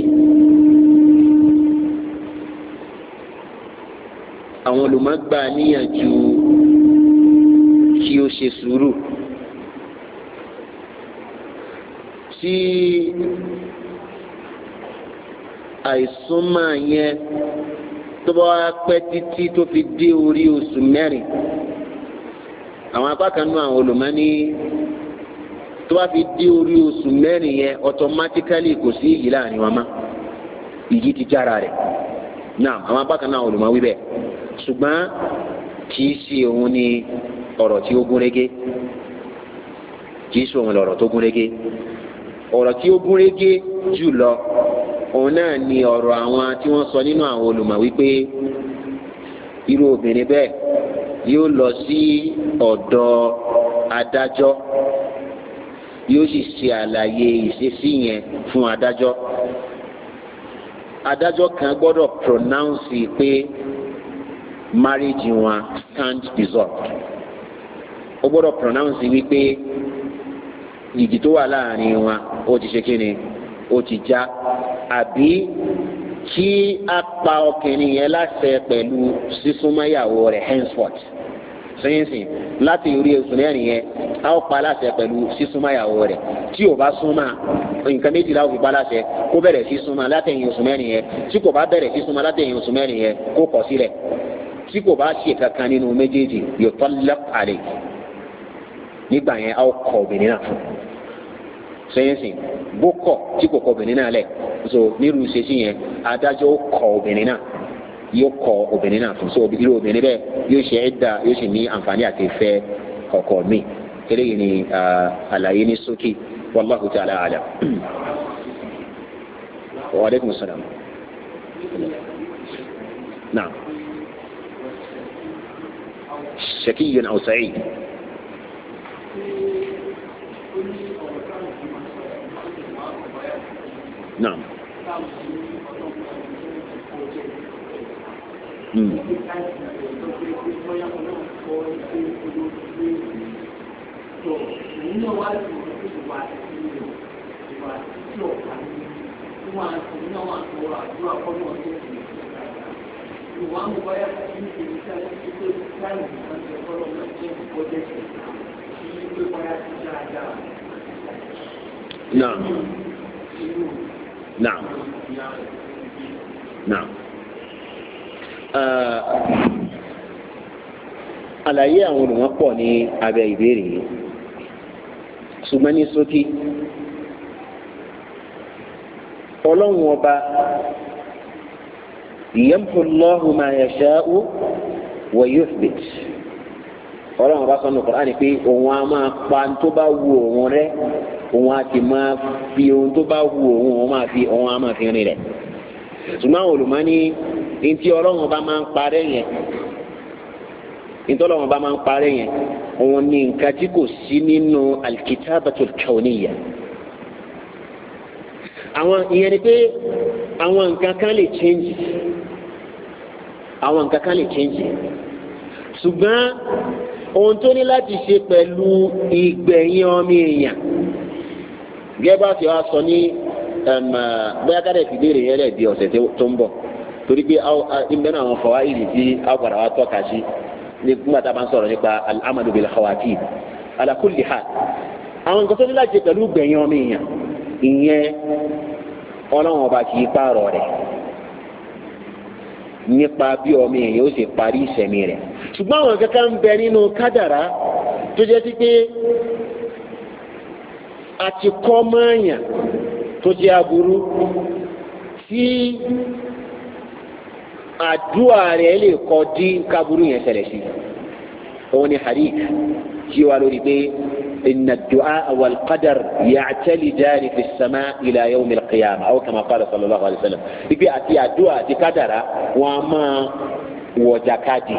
[SPEAKER 1] àwọn olùmọ̀gbà níyànjú kí ó ṣe sùúrù. tí àìsúnmọ́ yẹn tó bá pẹ́ títí tó fi dé orí oṣù mẹ́rin àwọn apá kan nú àwọn olùmọ́ni tó bá fi dé orí oṣù mẹ́rin yẹn automatically kò sí ìyí láàrin wa mọ́ ìyí ti jára rẹ̀ náà àwọn apá kan náà olùmọ̀ wí bẹ́ẹ̀ ṣùgbọ́n kì í ṣe òun ni ọ̀rọ̀ tí ó gúnrégé kì í ṣe òun lọ̀rọ̀ tó gúnrégé ọ̀rọ̀ tí ó gúnrégé jù òun náà ni ọ̀rọ̀ àwọn tí wọ́n sọ nínú àwọn olùmọ̀ wípé irú obìnrin bẹ́ẹ̀ yóò lọ sí ọ̀dọ̀ adájọ́ yóò sì ṣe àlàyé ìṣesí yẹn fún adájọ́ adájọ́ kan gbọ́dọ̀ pronounce pé marriage wọn stand dissolved ó gbọ́dọ̀ pronounce wípé ìjì tó wà láàrin wọn ó ti ṣe kí ni ó ti já àbí kí a pa ọkùnrin yẹn láṣẹ pẹ̀lú sísúnmáyàwó rẹ̀ henceforth sínsìn láti orí oṣù mẹ́rin yẹn a ó pa láṣẹ pẹ̀lú sísúnmáyàwó rẹ̀ tí o bá súnmọ́ nǹkan méjìlá òfin pa láṣẹ kó bẹ̀rẹ̀ sísúnmọ́ látẹ̀yìn oṣù mẹ́rin yẹn tí kò bá bẹ̀rẹ̀ sísúnmọ́ látẹ̀yìn oṣù mẹ́rin yẹn kó kọ̀ sílẹ̀ tí kò bá ṣe kankan nínú méjèèjì yóò tọ́ lẹ́pàlẹ̀ nígbà yẹn a ó kọ obìnrin sẹ́yìnsìn bó kọ̀ tí kò kọ obìnrin náà lẹ̀ so nírú ìṣesí yẹn adájọ́ ó kọ obìnrin náà yóò kọ obìnrin náà fún so irú obìnrin bẹ́ẹ̀ yóò ṣe ẹ̀dá yóò sì ní àǹfààní àti ìfẹ́ ọkọ mi eléyìí ni àlàyé ní sókè wallahu ta'ala a'lam. wa alaikum salam. نعم شكي náà. Naam. Hmm. نعم نعم àlàyé àwọn olùwọ́n pọ̀ ní abẹ́ ìbéèrè yìí ṣùgbọ́n ní ṣókí ọlọ́run ọba yamhu Allahu ma yasha'u wa yuthbit ọlọ́run ọba sọ́nù Kùránì pé òun á máa pa tó bá wù òun rẹ́ òun á ti máa fi ohun tó bá wù òun òun máa fi òun á máa fi rìn rẹ̀ ṣùgbọ́n àwọn olùmọ́ni ntí ọlọ́run bá máa ń parẹ́ yẹn ntí ọlọ́run bá máa ń parẹ́ yẹn òun ni nǹkan tí kò sí nínú al-kitabatul kawniyya àwọn ìyẹn ni pé àwọn nǹkan kan lè change àwọn nǹkan kan lè change ṣùgbọ́n ohun tó ní láti ṣe pẹ̀lú ìgbẹ̀yìn ọmọ èèyàn gẹ́gẹ́ bá ti wá sọ ní eh, bóyá ká dẹ̀ fi léèrè yẹn lẹ̀ di ọ̀sẹ̀ tó ń bọ̀ torí pé ìgbẹ́nu àwọn fọwọ́ ìrì tí a padà wá tọ́ka sí nígbà tá a bá ń sọ̀rọ̀ nípa al-amalu bil khawatim ala kulli hal àwọn nǹkan tó ní láti pẹ̀lú gbẹ̀yìn ọmọ èèyàn ìyẹn ọlọ́run ọba kì í pààrọ̀ rẹ̀ nípa bí ọmọ èèyàn ó sì parí ìṣẹ̀mí rẹ̀ ṣùgbọ́n àwọn kankan bẹ nínú kádàrá tó jẹ́ sí pé àti kọ́ mọ́ọ̀yàn tó jẹ́ aburú tí àdúrà rẹ̀ lè kọ́ dí kaburú yẹn ṣẹlẹ̀ sí òun ni hadith tí wà lórí pé inna du'a wal qadar ya'talidani fi sama ila yawm al qiyamah aw kama qala sallallahu alayhi wa ibi àti àdúrà àti kádàrà wọn máa wọjà káàdì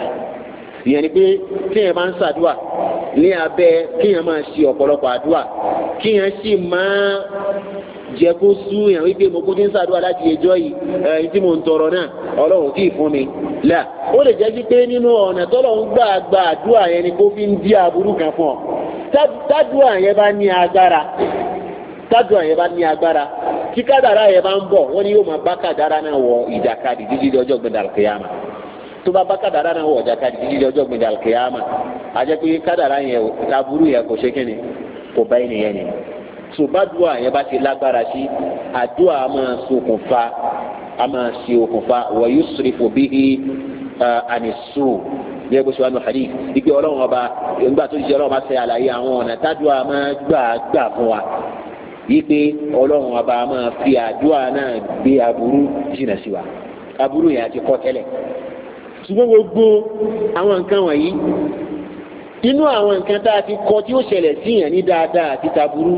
[SPEAKER 1] ìyẹn ni pé tí yẹn máa ń ṣàdúrà ní abẹ́ kíyàn máa ṣe ọ̀pọ̀lọpọ̀ àdúrà kíyàn sì máa jẹ kó sú yàn wípé mo kún ní sàdúrà láti ẹjọ́ yìí ẹ̀yìn tí mo ń tọrọ náà ọlọ́run tí ì fún mi là ó lè jẹ́ sí pé nínú ọ̀nà tọ́lọ̀ ń gbà gba àdúrà yẹn ni kó fi ń dí aburú kan fún ọ tádùá yẹn bá ní agbára tádùá yẹn bá ní agbára tí kádàrá yẹn bá ń bọ̀ wọ́n ní yóò máa bá kádàrá náà wọ ìjàkadì dídí ọjọ́ gbẹdàlùkìyàmà tó bá bá kádàrá náà wọ ìjàkadì dídí ọjọ́ gbẹdàlùkìyàmà àjẹ́ pé kádàrá yẹn taburú yẹn kò ṣe kí ni kò bá ènìyàn ni tùbádùá yẹn bá ti lágbára sí àdúrà a máa ṣokùnfà a máa ṣe okùnfà wa yusrifu bihi ànisù yẹ bó ṣe wà ní hadith ìgbé ọlọ́run ọba nígbà tó ṣiṣẹ́ ọlọ́run bá ṣe àlàyé àwọn ọ̀nà tádùá máa gbà gbà fún wa yípe ọlọ́run ọba máa fi àdúrà náà gbé aburú jìnnà sí wa aburú yẹn àti kọ́ tẹ́lẹ̀ ṣùgbọ́n gbogbo àwọn nǹkan wọ̀nyí inú àwọn nǹkan tá a ti kọ tí ó ṣẹlẹ̀ sí yẹn ní dáadáa àti taburú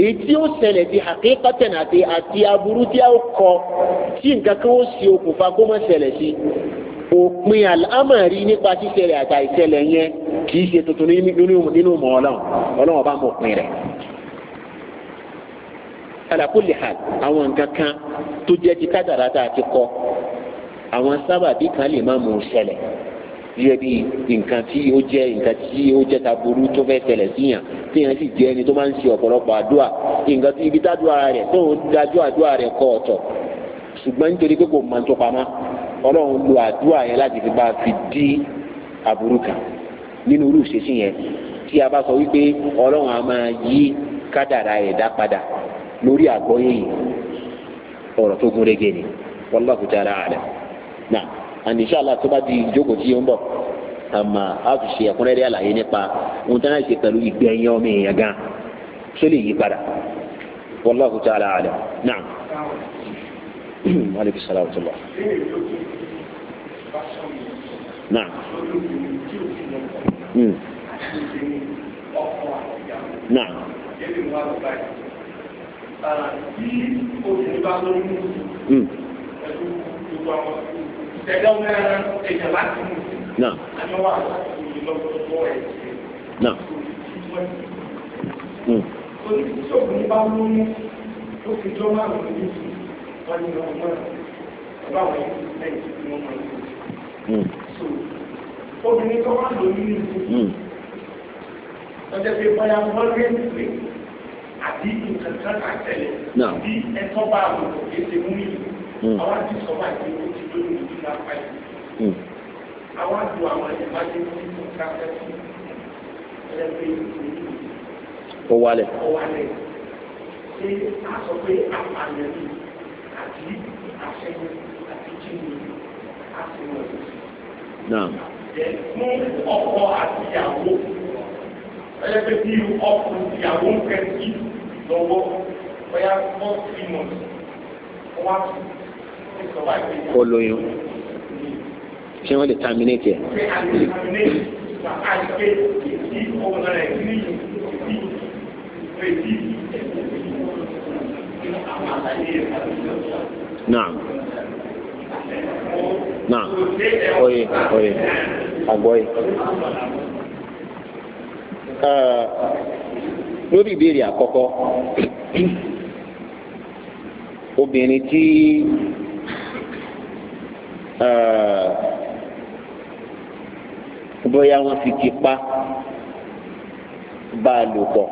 [SPEAKER 1] èyí tí ó ṣẹlẹ̀ ti àkékọ́tẹ̀ àti àti aburú tí a ó kọ tí nǹkan kan ó ṣe okùnfà kó má ṣẹlẹ̀ sí òpin àlámọ̀rí nípa ṣíṣẹlẹ̀ àti yẹn kì í ṣe tuntun nínú mọ̀ ọlọ́run ọlọ́run ọba mọ̀ òpin rẹ̀ alakuli hal àwọn nǹkan kan tó jẹ́ ti kádàrá tá a ti kọ àwọn sábàbí kan lè má mú un ṣẹlẹ̀ yẹ bí nǹkan tí ó jẹ nǹkan tí ó jẹ taburú tó fẹ́ tẹlẹ̀ síyàn tí yẹn sì jẹ́ ẹni tó máa ń ṣe ọ̀pọ̀lọpọ̀ àdúrà nǹkan tí ibi tádùá rẹ̀ tó ń dájú àdúrà rẹ̀ kọ ọ̀tọ̀ ṣùgbọ́n nítorí pé kò máa ń tó pamọ́ ọlọ́run lo àdúrà láti fi bá fi dí aburú kan nínú irú ìṣesí yẹn tí a bá sọ wípé ọlọ́run a máa yí kádàrá ẹ̀dá padà lórí àgbọ́yé yìí ọ̀rọ̀ tó gún régé ni wallahu ta'ala a'lam náà and inshallah tó bá di ìjókòó tí ó ń bọ̀ àmà a fi ṣe ẹ̀kúnrẹ́rẹ́ àlàyé nípa ohun tí wọ́n ṣe pẹ̀lú ìgbẹ̀yìn ọmọ èèyàn gan ṣó lè yí padà wallahu ta'ala alam naam aleykum salaam wa rahmatulah
[SPEAKER 2] naam hmm. naam naam. Hmm. Naam. Naam. Mm. Mm. Obìnrin tó wá lórí nìkú. Ọjọ́ hmm. pé bọ́yá wọ́n rí ìpè àbí nǹkan kan àtẹ̀lẹ̀. Bí ẹ̀tọ́ bá àwọn òkè ṣe mú ìlú, hmm. àwọn àti sọ́bà ìlú. Hmm. àwọn àti àwọn ìbájú nínú ọkọ ìyàwó ẹgbẹ́ bí ọkùnrin ìyàwó ń kẹ́ sí lọ́wọ́ bóyá wọ́n fi mọ̀ wọ́n
[SPEAKER 1] ṣé wọ́n lè terminate ẹ̀.
[SPEAKER 2] naam naam oye oye
[SPEAKER 1] agbọ́ye. lórí ìbéèrè àkọ́kọ́ obìnrin tí bóyá wọ́n fi tipa bá a lò pọ̀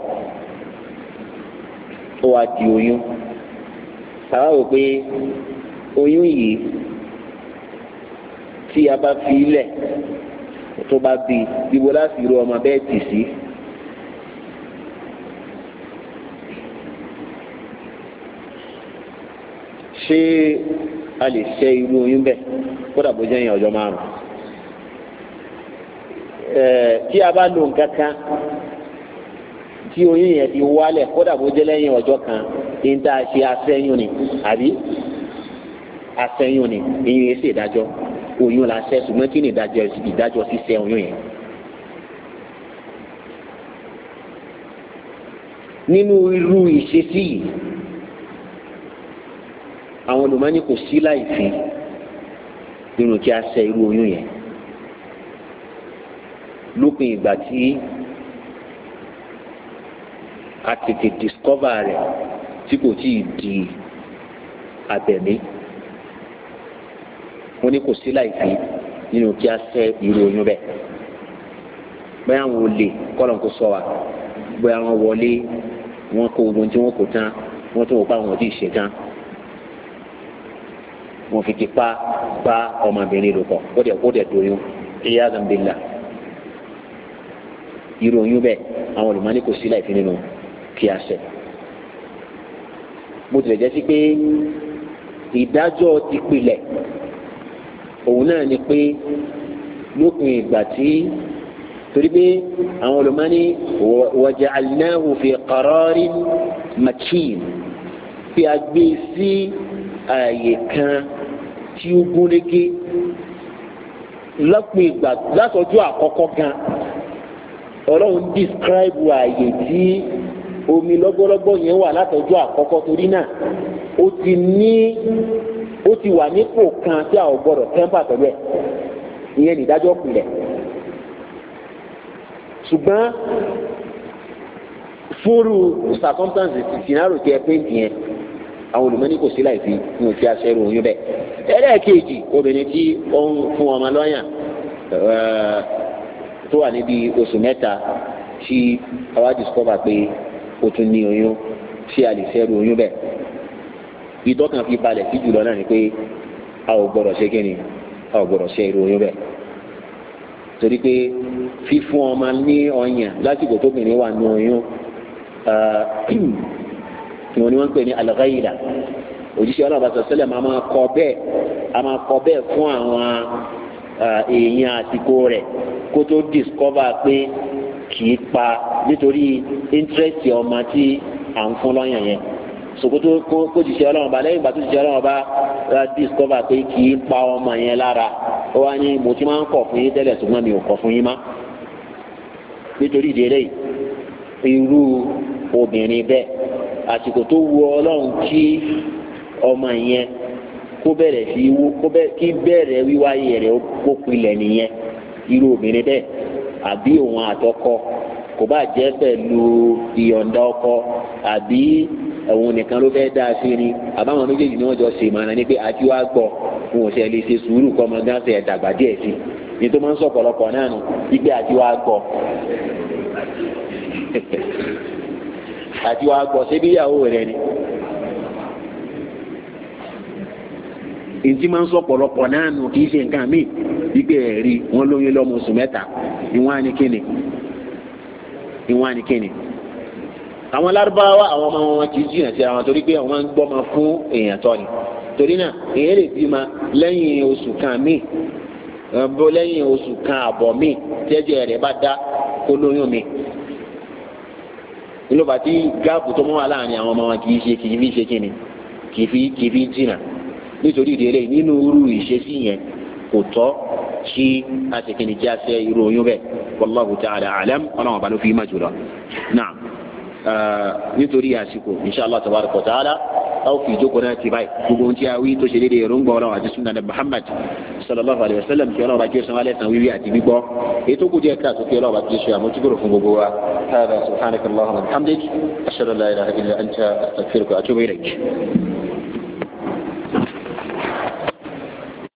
[SPEAKER 1] ó wá di oyún àwa rò pé oyún yìí tí a bá fi lẹ̀ tó bá bí ibo láti ro ọmọ bẹ́ẹ̀ tì sí. ṣé a lè ṣe irú oyún bẹ́ẹ̀ kódà bó yẹn ọjọ́ márùn-ún. Eh, tí a bá lo nǹkan kan tí oyún yẹn ti wálẹ̀ kódà bó jẹ́ lẹ́yìn ọjọ́ kan ń tá ṣe aṣẹ́yún ni àbí aṣẹ́yún ni ìyẹn èsì ìdájọ́ oyún la ṣẹ́ ṣùgbọ́n kí ni ìdájọ́ ṣíṣẹ́ oyún yẹn. nínú irú ìṣesí yìí àwọn olùmọ́ni kò sí láì fi nínú kí a ṣẹ́ irú oyún yẹn lópin ìgbà tí a tètè discover rẹ̀ tí kò tí ì di abẹ̀mí wọ́n ní kò sí láìsí nínú kí a ṣe irú oyún bẹ́ẹ̀ bẹ́ẹ̀ àwọn olè kọ́lọ̀ kó sọ wa bẹ́ẹ̀ àwọn wọlé wọn kó ogun tí wọ́n kó tán wọ́n tó wọ́n pa àwọn tí ì ṣe tán wọ́n fi tipa bá ọmọbìnrin lò pọ̀ ó dẹ̀ ó dẹ̀ doyún ìyá àgànbìnrin là irú oyún bẹ́ẹ̀ àwọn olùmọ́ni kò sí láìfi nínú kí a ṣe. mo tilẹ̀ jẹ́ sí pé ìdájọ́ ti pilẹ̀ òun náà ni pé lópin ìgbà tí torí pé àwọn olùmọ́ni wọ̀jà aláwọ̀ fi kọ́rọ́rì machin fi agbé sí ààyè kan tí ó gúnrégé lọ́pin ìgbà látọjú àkọ́kọ́ gan ọlọ́run describe ààyè tí omi lọ́gbọ́lọ́gbọ́ yẹn wà látọjọ́ àkọ́kọ́ torí náà ó ti ní ó ti wà nípò kan tí a ò gbọ́dọ̀ tẹ́ńpà pẹ̀lú ẹ̀ ìyẹn nìdájọ́ pilẹ̀ ṣùgbọ́n fúru circumstance scenario tí ẹ pé nìyẹn àwọn olùmọ́ni kò sí láìsí ní òtí aṣẹ́rù oyún bẹ́ẹ̀ ẹlẹ́ẹ̀kejì obìnrin tí ó ń fún ọmọ lọ́yàn tó wà níbi oṣù mẹ́ta tí àwa discover pé o tún ní oyún tí a lè fẹ́rù oyún bẹ́ẹ̀ ìdọ́kàn fi balẹ̀ sí jùlọ náà ni pé a ò gbọ́dọ̀ ṣe kí ni a ò gbọ́dọ̀ ṣe irú oyún bẹ́ẹ̀ torí pé fífún ọmọ ní ọyàn lásìkò tóbìnrin wà nù oyún wọn ah, [clears throat] ni wọ́n ń pè ní alagayila òjíṣẹ́ ọlọ́ọ̀bá sọ sẹ́lẹ̀ máa kọ bẹ́ẹ̀ a máa kọ bẹ́ẹ̀ fún àwọn èèyàn àsìkò rẹ̀ kó tó discover pé kì í pa nítorí interest ọmọ tí à ń fún lọ́yàn yẹn sokoto kó jìṣẹ́ ọlọ́run ba lẹ́yìn ìgbà tó jìṣẹ́ ọlọ́run ba discover pé kì í pa ọmọ yẹn lára ó wá ní mo ti máa ń kọ̀ fún yín tẹ́lẹ̀ ṣùgbọ́n mi ò kọ̀ fún yín má nítorí ìdí eléyìí irú obìnrin bẹ́ẹ̀ àsìkò tó wu ọlọ́run kí ọmọ yẹn kó bẹ̀rẹ̀ sí wú kó bẹ̀ kí bẹ̀rẹ̀ wíwáyé rẹ̀ kó pilẹ̀ nìyẹn irú obìnrin bẹ́ẹ̀ àbí òun àtọkọ kò bá jẹ́ pẹ̀lú ìyọ̀ǹda ọkọ àbí òun nìkan ló fẹ́ dáa sí ni àbáwọn méjèèjì ni wọ́n jọ ṣe ìmọ̀ràn ni pé àti wá gbọ́ lè ṣe sùúrù kọ́ ọmọ gánṣẹ́ ẹ̀dàgbà díẹ̀ sí i ní tó máa ń sọ̀pọ̀lọpọ̀ náà [laughs] ntí máa ń sọ pọ̀lọpọ̀ náà nù kì í ṣe nǹkan míì wípé ẹ̀rí wọn lóyún lọ́mọ oṣù mẹ́ta ìwọ̀n àníkíni ìwọ̀n àníkíni. àwọn lárúbáwá àwọn ọmọ wọn kì í jìnnà sí àwọn torí pé àwọn máa ń gbọ́ máa fún èèyàn tọ́ ni torí náà èèyàn lè bímọ lẹ́yìn oṣù kan míì bó lẹ́yìn oṣù kan àbọ̀ míì tẹ́jẹ̀ rẹ̀ bá dá kó lóyún mi nílò bàtí gáàpù tó mọ́ wà láàrin àwọn ọmọ wọn kì í ṣe kì í fi ṣe kì í fi jìnnà nítorí ìdílé nínú irú ìṣesí yẹn kò tọ́ sí àtẹkẹ́ni tí a fẹ́ irú oyún bẹ́ẹ̀ wallahu ta'ala alam ọlọ́run ọba ló fi má jùlọ. náà nítorí àsìkò inṣàlá tabaraka wa ta'ala a ó fi ìjókòó náà ti báyìí gbogbo ohun tí a wí tó ṣe déédéé èròǹgbà ọlọ́run àti sunna nabi muhammad sallallahu alayhi wa sallam kí ọlọ́run bá kí ó san alẹ́ san wíwí àti gbígbọ́